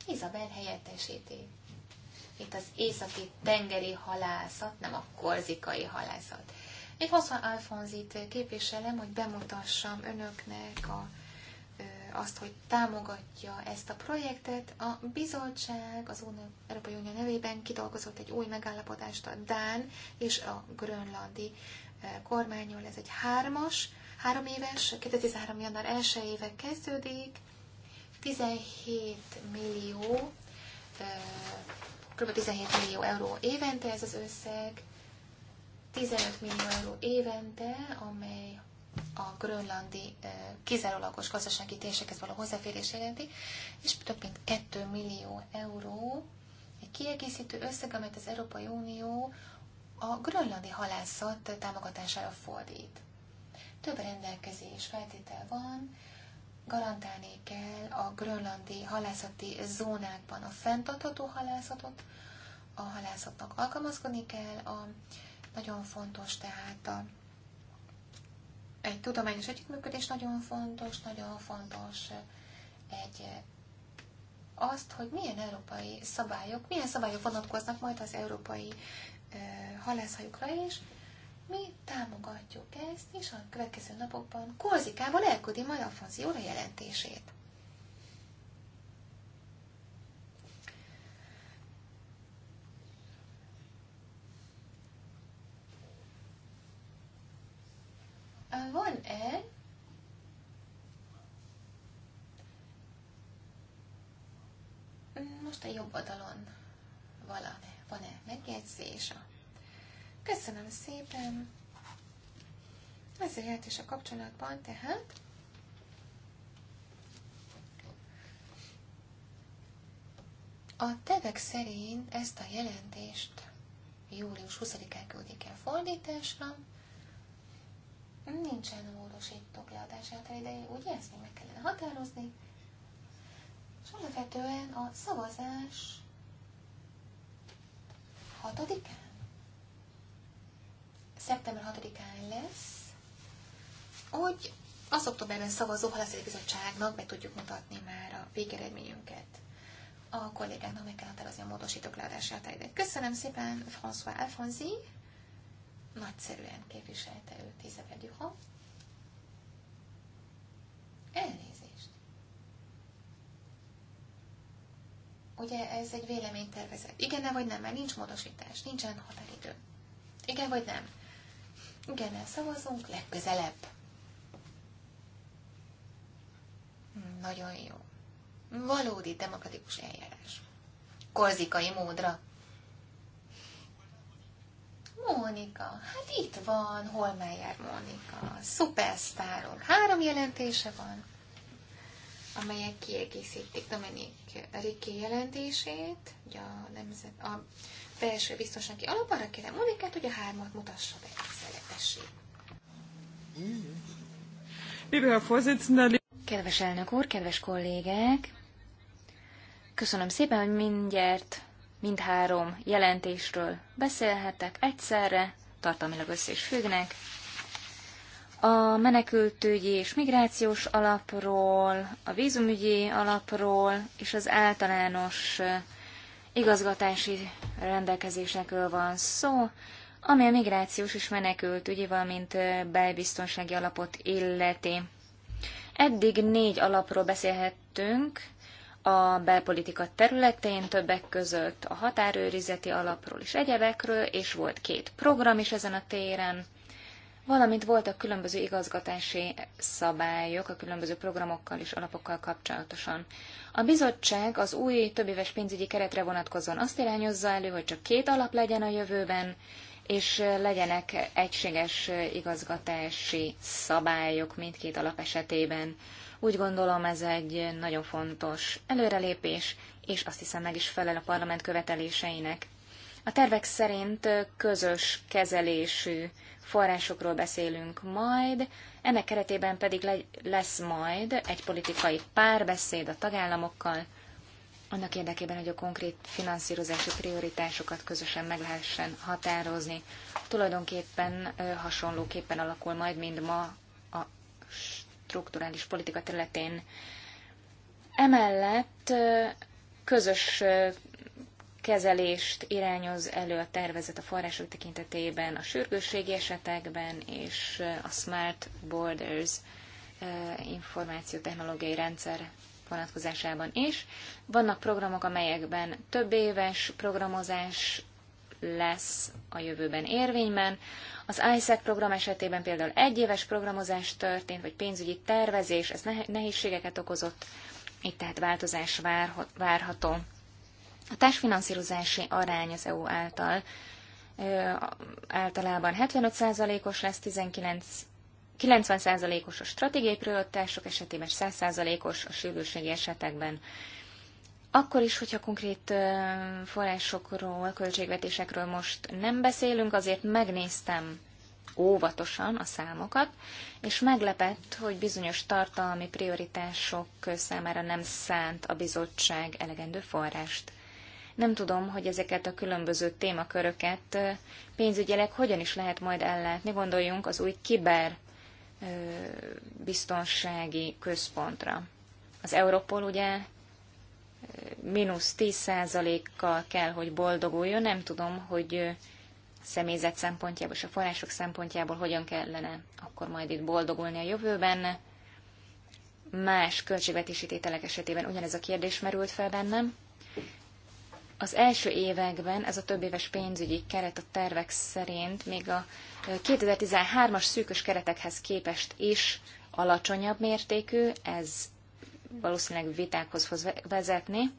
Izabel helyettesíti. Itt az északi tengeri halászat, nem a korzikai halászat. Én hozzá Alfonzit képviselem, hogy bemutassam önöknek a, azt, hogy támogatja ezt a projektet. A bizottság az Európai Unió nevében kidolgozott egy új megállapodást a Dán és a grönlandi kormányról. Ez egy hármas 3 éves, 2013. január 1 éve kezdődik, 17 millió, kb. 17 millió euró évente ez az összeg, 15 millió euró évente, amely a grönlandi kizárólagos gazdasági térséghez való hozzáférés jelenti, és több mint 2 millió euró egy kiegészítő összeg, amelyet az Európai Unió a grönlandi halászat támogatására fordít. Több rendelkezés feltétel van, garantálni kell a grönlandi halászati zónákban a fenntartható halászatot, a halászatnak alkalmazkodni kell, a, nagyon fontos tehát a, egy tudományos együttműködés nagyon fontos, nagyon fontos egy azt, hogy milyen európai szabályok, milyen szabályok vonatkoznak majd az európai ö, is, mi támogatjuk ezt, és a következő napokban Korzikában elküldi majd a úr jelentését. Van-e most a jobb oldalon valami, van-e megjegyzés a Köszönöm szépen! Ez a jelentés a kapcsolatban, tehát a tevek szerint ezt a jelentést július 20-án küldik el fordításra. Nincsen módosítók által ideje, ugye ezt még meg kellene határozni. És alapvetően a szavazás 6-án szeptember 6-án lesz, hogy az októberben szavazó halászati bizottságnak be tudjuk mutatni már a végeredményünket. A kollégának meg kell határozni a módosítók leadását. Köszönöm szépen François Alfonzi, nagyszerűen képviselte őt Izabel Duha. Elnézést. Ugye ez egy véleménytervezet. Igen, vagy nem, mert nincs módosítás, nincsen határidő. Igen, vagy nem. Igen, szavazunk legközelebb. Nagyon jó. Valódi demokratikus eljárás. Korzikai módra. Mónika, hát itt van hol jár Mónika, Szupersztárok. Három jelentése van, amelyek kiegészítik Dominik Riki jelentését, ugye a, nemzet, a belső biztonsági alap, arra kérem Monikát, hogy a hármat mutassa be, szeretessék. Kedves elnök úr, kedves kollégák! Köszönöm szépen, hogy mindjárt mindhárom jelentésről beszélhetek egyszerre, tartalmilag össze is függnek. A menekültügyi és migrációs alapról, a vízumügyi alapról és az általános igazgatási rendelkezésekről van szó, ami a migrációs és ügyi, valamint belbiztonsági alapot illeti. Eddig négy alapról beszélhettünk a belpolitika területén, többek között a határőrizeti alapról és egyebekről, és volt két program is ezen a téren valamint voltak különböző igazgatási szabályok a különböző programokkal és alapokkal kapcsolatosan. A bizottság az új többéves pénzügyi keretre vonatkozóan azt irányozza elő, hogy csak két alap legyen a jövőben, és legyenek egységes igazgatási szabályok mindkét alap esetében. Úgy gondolom ez egy nagyon fontos előrelépés, és azt hiszem meg is felel a parlament követeléseinek. A tervek szerint közös kezelésű forrásokról beszélünk majd, ennek keretében pedig le, lesz majd egy politikai párbeszéd a tagállamokkal, annak érdekében, hogy a konkrét finanszírozási prioritásokat közösen meg lehessen határozni. Tulajdonképpen hasonlóképpen alakul majd, mint ma a strukturális politika területén. Emellett közös kezelést irányoz elő a tervezet a források tekintetében, a sürgősségi esetekben és a Smart Borders eh, információtechnológiai rendszer vonatkozásában is. Vannak programok, amelyekben több éves programozás lesz a jövőben érvényben. Az ISEC program esetében például egy éves programozás történt, vagy pénzügyi tervezés, ez nehézségeket okozott, itt tehát változás várható. A társfinanszírozási arány az EU által általában 75%-os lesz, 19 90%-os a stratégiai prioritások esetében, 100%-os a sűrűségi esetekben. Akkor is, hogyha konkrét forrásokról, költségvetésekről most nem beszélünk, azért megnéztem óvatosan a számokat, és meglepett, hogy bizonyos tartalmi prioritások számára nem szánt a bizottság elegendő forrást. Nem tudom, hogy ezeket a különböző témaköröket pénzügyileg hogyan is lehet majd ellátni. Gondoljunk az új kiber biztonsági központra. Az Europol ugye mínusz 10%-kal kell, hogy boldoguljon. Nem tudom, hogy személyzet szempontjából és a források szempontjából hogyan kellene akkor majd itt boldogulni a jövőben. Más költségvetési tételek esetében ugyanez a kérdés merült fel bennem. Az első években ez a több éves pénzügyi keret a tervek szerint még a 2013-as szűkös keretekhez képest is alacsonyabb mértékű, ez valószínűleg vitákhoz fog vezetni.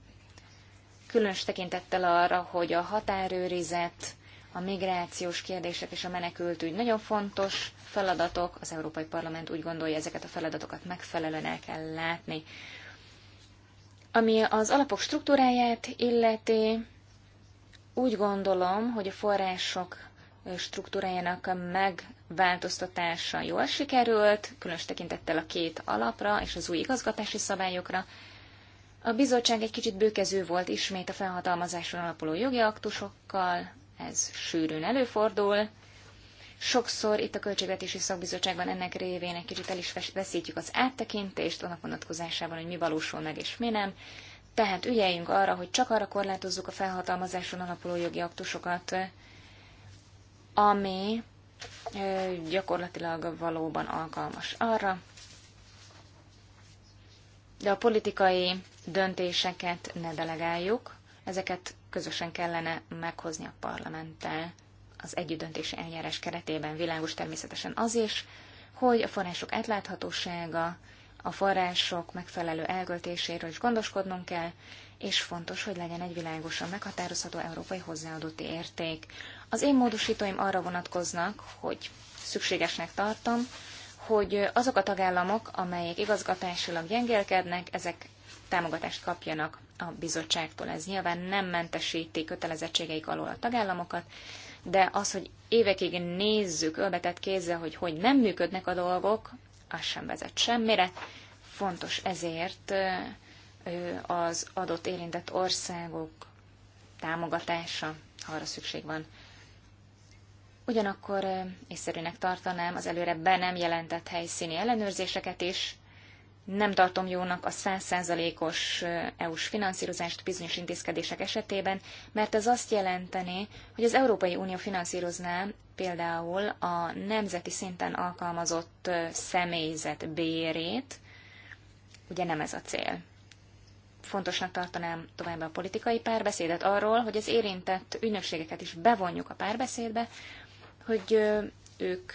Különös tekintettel arra, hogy a határőrizet, a migrációs kérdések és a menekültügy nagyon fontos feladatok. Az Európai Parlament úgy gondolja, ezeket a feladatokat megfelelően el kell látni. Ami az alapok struktúráját illeti, úgy gondolom, hogy a források struktúrájának a megváltoztatása jól sikerült, különös tekintettel a két alapra és az új igazgatási szabályokra. A bizottság egy kicsit bőkező volt ismét a felhatalmazáson alapuló jogi aktusokkal, ez sűrűn előfordul, Sokszor itt a Költségvetési Szakbizottságban ennek révén egy kicsit el is veszítjük az áttekintést, annak vonatkozásában, hogy mi valósul meg és mi nem. Tehát ügyeljünk arra, hogy csak arra korlátozzuk a felhatalmazáson alapuló jogi aktusokat, ami gyakorlatilag valóban alkalmas arra, de a politikai döntéseket ne delegáljuk, ezeket közösen kellene meghozni a parlamenttel az együttdöntési eljárás keretében világos természetesen az is, hogy a források átláthatósága, a források megfelelő elköltéséről is gondoskodnunk kell, és fontos, hogy legyen egy világosan meghatározható európai hozzáadott érték. Az én módosítóim arra vonatkoznak, hogy szükségesnek tartom, hogy azok a tagállamok, amelyek igazgatásilag gyengélkednek, ezek támogatást kapjanak a bizottságtól. Ez nyilván nem mentesíti kötelezettségeik alól a tagállamokat, de az, hogy évekig nézzük ölbetett kézzel, hogy hogy nem működnek a dolgok, az sem vezet semmire. Fontos ezért az adott érintett országok támogatása, ha arra szükség van. Ugyanakkor észszerűnek tartanám az előre be nem jelentett helyszíni ellenőrzéseket is, nem tartom jónak a 100%-os EU-s finanszírozást bizonyos intézkedések esetében, mert ez azt jelenteni, hogy az Európai Unió finanszírozná például a nemzeti szinten alkalmazott személyzet bérét, ugye nem ez a cél. Fontosnak tartanám továbbá a politikai párbeszédet arról, hogy az érintett ügynökségeket is bevonjuk a párbeszédbe, hogy ők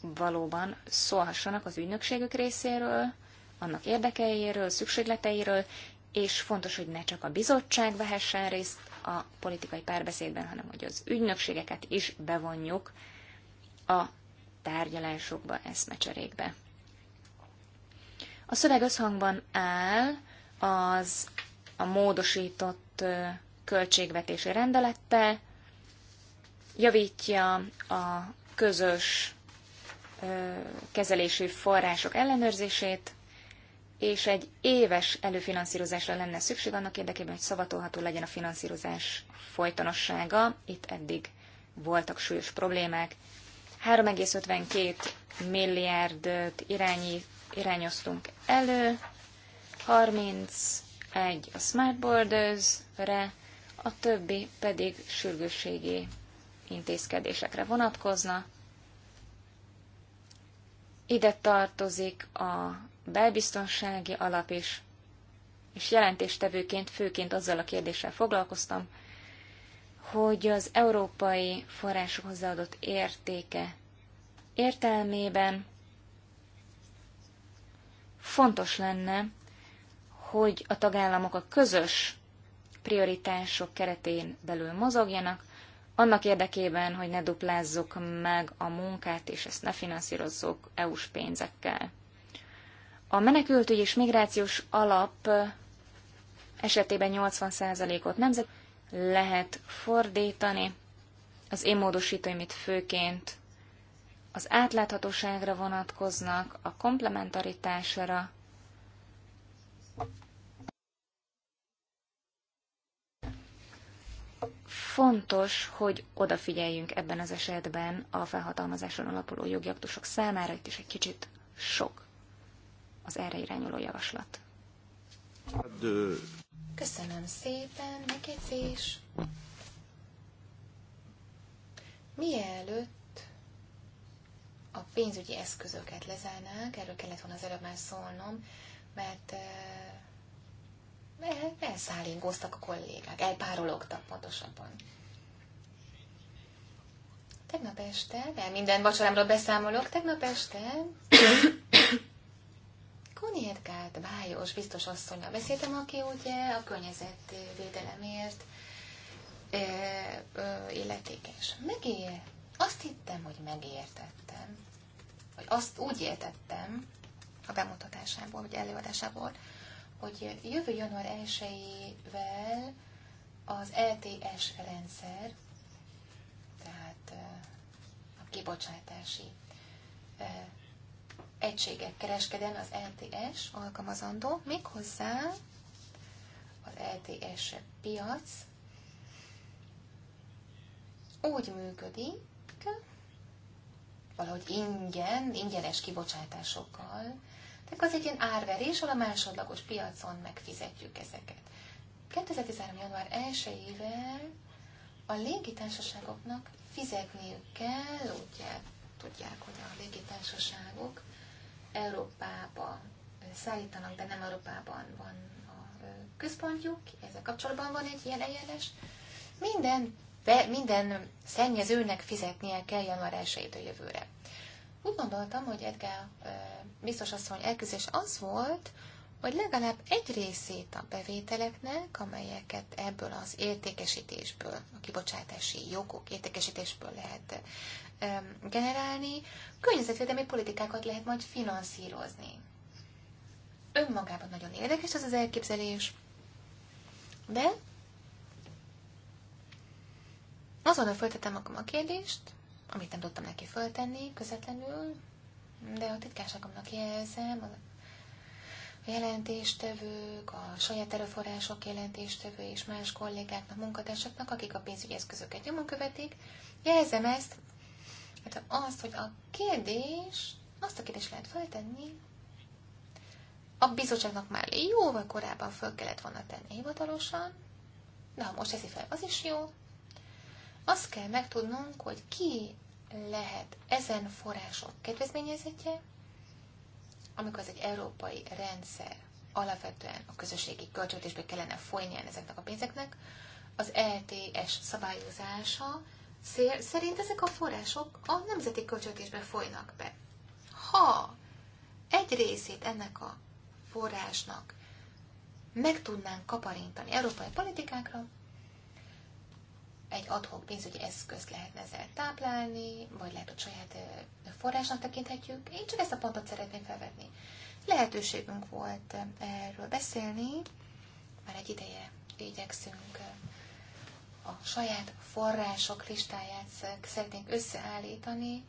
valóban szólhassanak az ügynökségük részéről, annak érdekeiről, szükségleteiről, és fontos, hogy ne csak a bizottság vehessen részt a politikai párbeszédben, hanem hogy az ügynökségeket is bevonjuk a tárgyalásokba, eszmecserékbe. A szöveg összhangban áll az a módosított költségvetési rendelettel, javítja a közös kezelési források ellenőrzését, és egy éves előfinanszírozásra lenne szükség annak érdekében, hogy szavatolható legyen a finanszírozás folytonossága. Itt eddig voltak súlyos problémák. 3,52 milliárdot irányi, irányoztunk elő, 31 a Smart Borders-re, a többi pedig sürgősségi intézkedésekre vonatkozna. Ide tartozik a belbiztonsági alap is, és jelentéstevőként főként azzal a kérdéssel foglalkoztam, hogy az európai források hozzáadott értéke értelmében fontos lenne, hogy a tagállamok a közös prioritások keretén belül mozogjanak, annak érdekében, hogy ne duplázzuk meg a munkát, és ezt ne finanszírozzuk EU-s pénzekkel. A menekültügy és migrációs alap esetében 80%-ot nemzet lehet fordítani. Az én módosítóimit főként az átláthatóságra vonatkoznak, a komplementaritásra, fontos, hogy odafigyeljünk ebben az esetben a felhatalmazáson alapuló jogi aktusok számára, itt is egy kicsit sok az erre irányuló javaslat. Köszönöm szépen, megjegyzés. Mielőtt a pénzügyi eszközöket lezárnánk, erről kellett volna az előbb már szólnom, mert eh, elszállingoztak a kollégák, elpárologtak pontosabban. Tegnap este, de minden vacsorámról beszámolok, tegnap este Konietkált Bájos biztos asszonynal beszéltem, aki ugye a környezetvédelemért e, e, illetékes. Megér. Azt hittem, hogy megértettem. Vagy azt úgy értettem a bemutatásából, vagy előadásából, hogy jövő január 1-ével az LTS rendszer, tehát a kibocsátási egységek kereskeden az LTS alkalmazandó, méghozzá az LTS piac úgy működik, valahogy ingyen, ingyenes kibocsátásokkal, tehát az egy ilyen árverés, ahol a másodlagos piacon megfizetjük ezeket. 2013. január 1-ével a légitársaságoknak fizetniük kell, ugye tudják, hogy a légitársaságok Európába szállítanak, de nem Európában van a központjuk, ezzel kapcsolatban van egy ilyen eljárás. Minden, be, minden szennyezőnek fizetnie kell január 1 jövőre. Úgy gondoltam, hogy Edgál biztos asszony elküzdés az volt, vagy legalább egy részét a bevételeknek, amelyeket ebből az értékesítésből, a kibocsátási jogok értékesítésből lehet generálni, környezetvédelmi politikákat lehet majd finanszírozni. Önmagában nagyon érdekes ez az elképzelés, de azonnal föltettem magam a kérdést, amit nem tudtam neki föltenni közvetlenül, de a titkárságomnak jelzem, a jelentéstevők, a saját erőforrások jelentéstevő és más kollégáknak, munkatársaknak, akik a pénzügyi eszközöket nyomon követik. Jelzem ezt, hát azt, hogy a kérdés, azt a kérdést lehet feltenni, a bizottságnak már jóval korábban föl kellett volna tenni hivatalosan, de ha most teszi fel, az is jó. Azt kell megtudnunk, hogy ki lehet ezen források kedvezményezetje, amikor az egy európai rendszer, alapvetően a közösségi költségvetésbe kellene folynia ezeknek a pénzeknek, az LTS szabályozása szerint ezek a források a nemzeti költségvetésbe folynak be. Ha egy részét ennek a forrásnak meg tudnánk kaparintani európai politikákra, egy adhok pénzügyi eszközt lehetne ezzel táplálni, vagy lehet, hogy saját forrásnak tekinthetjük. Én csak ezt a pontot szeretném felvetni. Lehetőségünk volt erről beszélni, már egy ideje igyekszünk a saját források listáját szeretnénk összeállítani.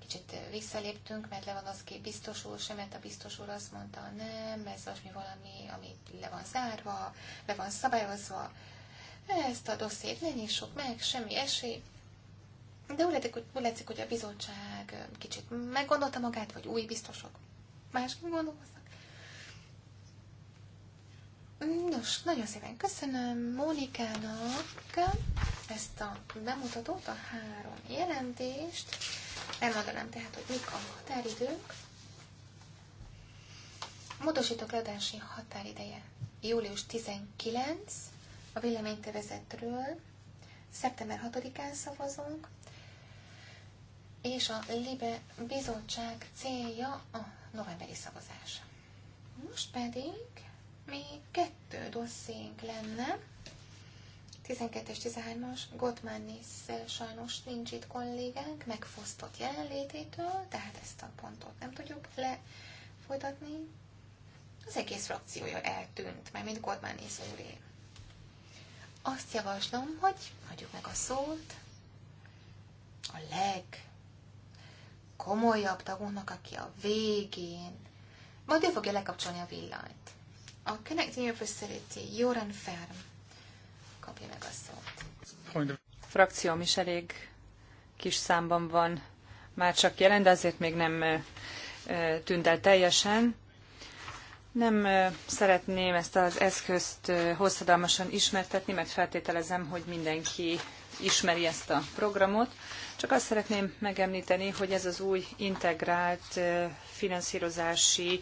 Kicsit visszaléptünk, mert Lewandowski biztos úr, Semet a biztos úr azt mondta, nem, ez az mi valami, amit le van zárva, le van szabályozva, ezt a dosszét ne nyissuk meg, semmi esély. De úgy látszik, hogy, úgy látszik, hogy a bizottság kicsit meggondolta magát, vagy új biztosok másként gondolkoznak. Nos, nagyon szépen köszönöm Mónikának ezt a bemutatót, a három jelentést. Elmondanám tehát, hogy mik a határidők. Módosítok leadási határideje július 19, a véleménytervezetről. Szeptember 6-án szavazunk, és a Libe bizottság célja a novemberi szavazás. Most pedig még kettő dosszénk lenne. 12-es, 13-as, Gottmannis sajnos nincs itt kollégánk, megfosztott jelenlététől, tehát ezt a pontot nem tudjuk lefolytatni. Az egész frakciója eltűnt, mert mint Gottman úré. Azt javaslom, hogy hagyjuk meg a szót a legkomolyabb tagunknak, aki a végén, majd ő fogja lekapcsolni a villanyt. A Connecting Your Facility, Joran Ferm kapja meg a szót. Frakcióm is elég kis számban van már csak jelen, de azért még nem tűnt el teljesen. Nem szeretném ezt az eszközt hosszadalmasan ismertetni, mert feltételezem, hogy mindenki ismeri ezt a programot. Csak azt szeretném megemlíteni, hogy ez az új integrált finanszírozási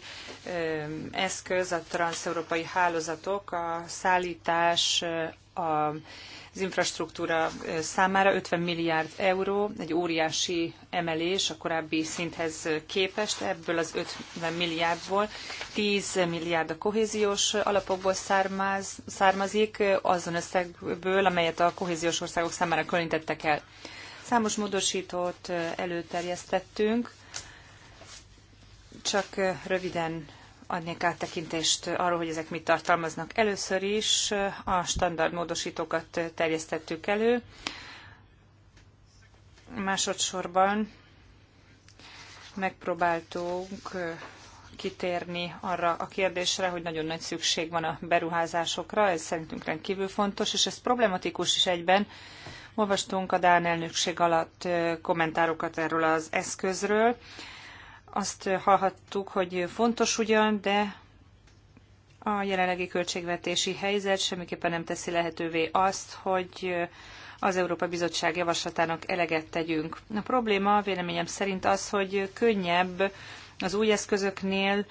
eszköz, a transeurópai hálózatok, a szállítás, a az infrastruktúra számára 50 milliárd euró, egy óriási emelés a korábbi szinthez képest, ebből az 50 milliárdból 10 milliárd a kohéziós alapokból származ, származik, azon összegből, amelyet a kohéziós országok számára különítettek el. Számos módosítót előterjesztettünk, csak röviden adnék áttekintést arról, hogy ezek mit tartalmaznak. Először is a standard módosítókat terjesztettük elő. Másodszorban megpróbáltunk kitérni arra a kérdésre, hogy nagyon nagy szükség van a beruházásokra, ez szerintünk rendkívül fontos, és ez problematikus is egyben. Olvastunk a Dán elnökség alatt kommentárokat erről az eszközről, azt hallhattuk, hogy fontos ugyan, de a jelenlegi költségvetési helyzet semmiképpen nem teszi lehetővé azt, hogy az Európa Bizottság javaslatának eleget tegyünk. A probléma véleményem szerint az, hogy könnyebb az új eszközöknél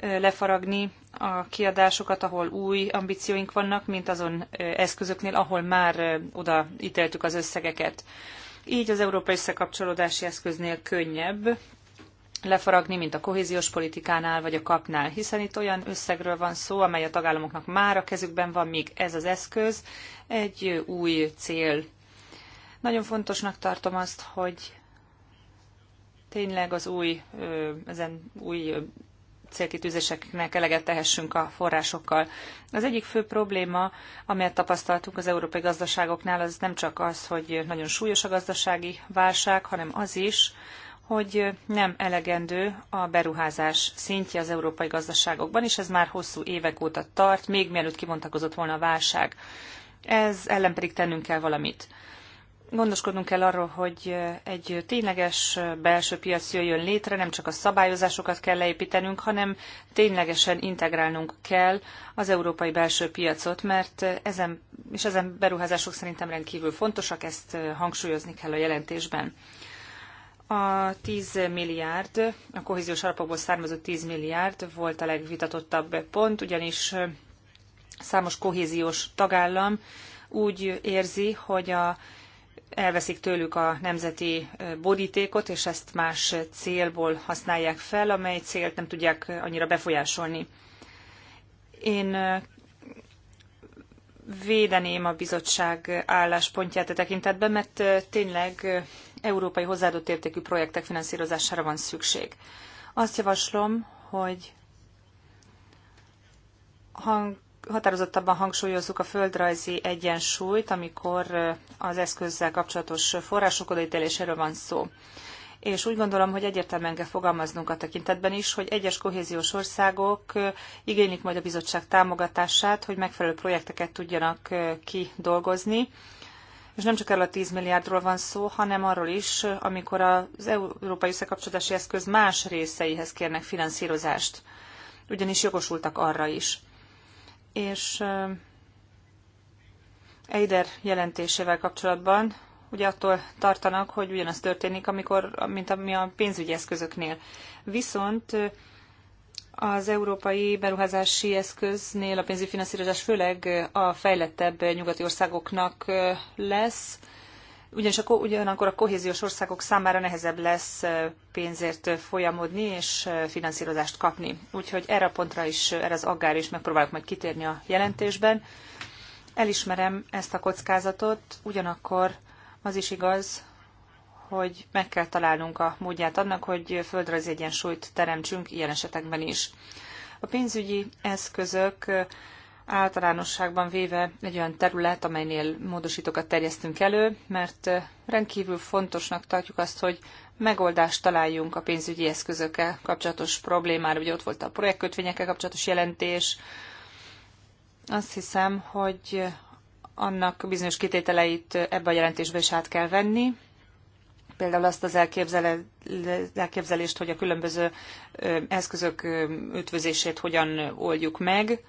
lefaragni a kiadásokat, ahol új ambícióink vannak, mint azon eszközöknél, ahol már oda ítéltük az összegeket. Így az európai összekapcsolódási eszköznél könnyebb lefaragni, mint a kohéziós politikánál vagy a kapnál, hiszen itt olyan összegről van szó, amely a tagállamoknak már a kezükben van, míg ez az eszköz egy új cél. Nagyon fontosnak tartom azt, hogy tényleg az új, ezen új célkitűzéseknek eleget tehessünk a forrásokkal. Az egyik fő probléma, amelyet tapasztaltunk az európai gazdaságoknál, az nem csak az, hogy nagyon súlyos a gazdasági válság, hanem az is, hogy nem elegendő a beruházás szintje az európai gazdaságokban, és ez már hosszú évek óta tart, még mielőtt kibontakozott volna a válság. Ez ellen pedig tennünk kell valamit. Gondoskodnunk kell arról, hogy egy tényleges belső piac jöjjön létre, nem csak a szabályozásokat kell leépítenünk, hanem ténylegesen integrálnunk kell az európai belső piacot, mert ezen, és ezen beruházások szerintem rendkívül fontosak, ezt hangsúlyozni kell a jelentésben. A 10 milliárd, a kohéziós alapokból származó 10 milliárd volt a legvitatottabb pont, ugyanis számos kohéziós tagállam úgy érzi, hogy a, elveszik tőlük a nemzeti borítékot, és ezt más célból használják fel, amely célt nem tudják annyira befolyásolni. Én védeném a bizottság álláspontját a tekintetben, mert tényleg európai hozzáadott értékű projektek finanszírozására van szükség. Azt javaslom, hogy hang, határozottabban hangsúlyozzuk a földrajzi egyensúlyt, amikor az eszközzel kapcsolatos források odaítéléséről van szó. És úgy gondolom, hogy egyértelműen kell fogalmaznunk a tekintetben is, hogy egyes kohéziós országok igénylik majd a bizottság támogatását, hogy megfelelő projekteket tudjanak kidolgozni, és nem csak erről a 10 milliárdról van szó, hanem arról is, amikor az Európai Összekapcsolódási Eszköz más részeihez kérnek finanszírozást, ugyanis jogosultak arra is. És Eider jelentésével kapcsolatban ugye attól tartanak, hogy ugyanaz történik, amikor, mint ami a pénzügyi eszközöknél. Viszont az európai beruházási eszköznél a pénzügyi finanszírozás főleg a fejlettebb nyugati országoknak lesz, ugyanis akkor, ugyanakkor a kohéziós országok számára nehezebb lesz pénzért folyamodni és finanszírozást kapni. Úgyhogy erre a pontra is, erre az aggár is megpróbálok majd kitérni a jelentésben. Elismerem ezt a kockázatot, ugyanakkor az is igaz, hogy meg kell találnunk a módját annak, hogy földrajzi egyensúlyt teremtsünk ilyen esetekben is. A pénzügyi eszközök általánosságban véve egy olyan terület, amelynél módosítókat terjesztünk elő, mert rendkívül fontosnak tartjuk azt, hogy megoldást találjunk a pénzügyi eszközökkel kapcsolatos problémára. Ugye ott volt a projektkötvényekkel kapcsolatos jelentés. Azt hiszem, hogy annak bizonyos kitételeit ebbe a jelentésbe is át kell venni, például azt az elképzelést, hogy a különböző eszközök ütvözését hogyan oldjuk meg,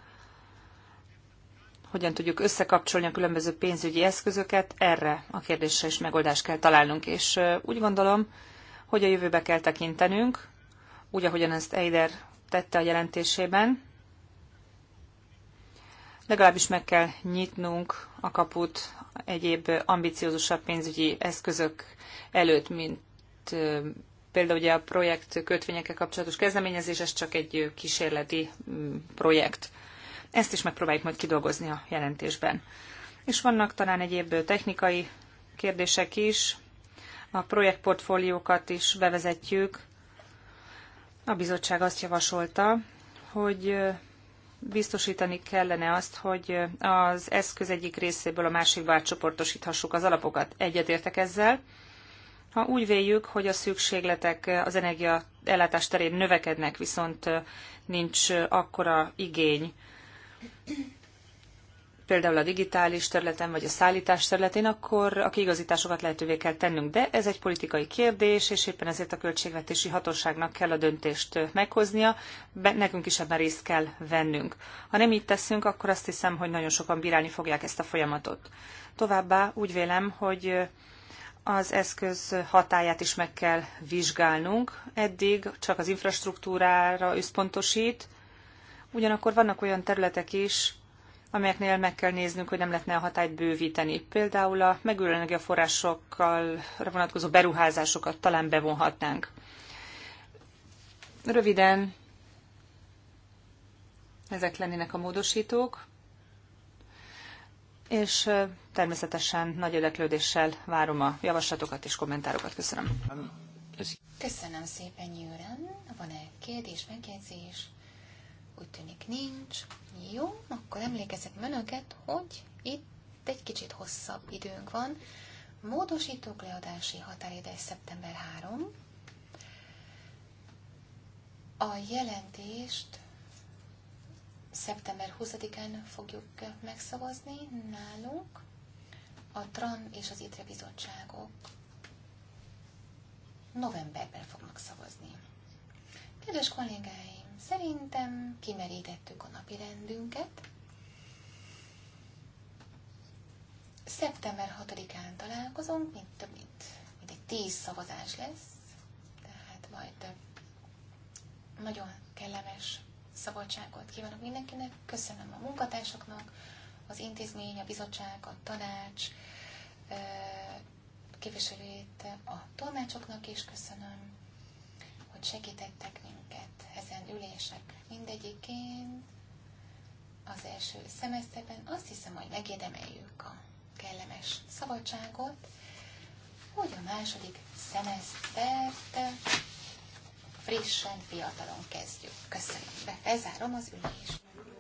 hogyan tudjuk összekapcsolni a különböző pénzügyi eszközöket, erre a kérdésre is megoldást kell találnunk. És úgy gondolom, hogy a jövőbe kell tekintenünk, úgy, ahogyan ezt Eider tette a jelentésében, legalábbis meg kell nyitnunk a kaput egyéb ambiciózusabb pénzügyi eszközök előtt, mint például ugye a projekt kötvényekkel kapcsolatos kezdeményezés, ez csak egy kísérleti projekt. Ezt is megpróbáljuk majd kidolgozni a jelentésben. És vannak talán egyéb technikai kérdések is. A projektportfóliókat is bevezetjük. A bizottság azt javasolta, hogy biztosítani kellene azt, hogy az eszköz egyik részéből a másikba átcsoportosíthassuk az alapokat. Egyetértek ezzel. Ha úgy véljük, hogy a szükségletek az energia ellátás terén növekednek, viszont nincs akkora igény például a digitális területen vagy a szállítás területén, akkor a kiigazításokat lehetővé kell tennünk. De ez egy politikai kérdés, és éppen ezért a költségvetési hatóságnak kell a döntést meghoznia, Be, nekünk is ebben részt kell vennünk. Ha nem így teszünk, akkor azt hiszem, hogy nagyon sokan bírálni fogják ezt a folyamatot. Továbbá úgy vélem, hogy az eszköz hatáját is meg kell vizsgálnunk. Eddig csak az infrastruktúrára összpontosít, ugyanakkor vannak olyan területek is, amelyeknél meg kell néznünk, hogy nem lehetne a hatályt bővíteni. Például a megújuló energiaforrásokkal vonatkozó beruházásokat talán bevonhatnánk. Röviden ezek lennének a módosítók, és természetesen nagy érdeklődéssel várom a javaslatokat és kommentárokat. Köszönöm. Köszönöm szépen, Jürgen. Van-e kérdés, megjegyzés? Úgy tűnik nincs. Jó, akkor emlékezek önöket, hogy itt egy kicsit hosszabb időnk van. Módosítók leadási határideje szeptember 3. A jelentést szeptember 20-án fogjuk megszavazni nálunk. A TRAN és az ITRE bizottságok novemberben fognak szavazni. Kedves kollégáim, Szerintem kimerítettük a napi rendünket. Szeptember 6-án találkozunk, mint több mint, mint egy tíz szavazás lesz, tehát majd nagyon kellemes szabadságot kívánok mindenkinek, köszönöm a munkatársaknak, az intézmény, a bizottság, a tanács, képviselőjét a tolmácsoknak is köszönöm, hogy segítettek minket ezeket, ezen ülések mindegyikén az első szemeszterben azt hiszem, hogy megérdemeljük a kellemes szabadságot, hogy a második szemesztert frissen, fiatalon kezdjük. Köszönöm. Bezárom az ülést.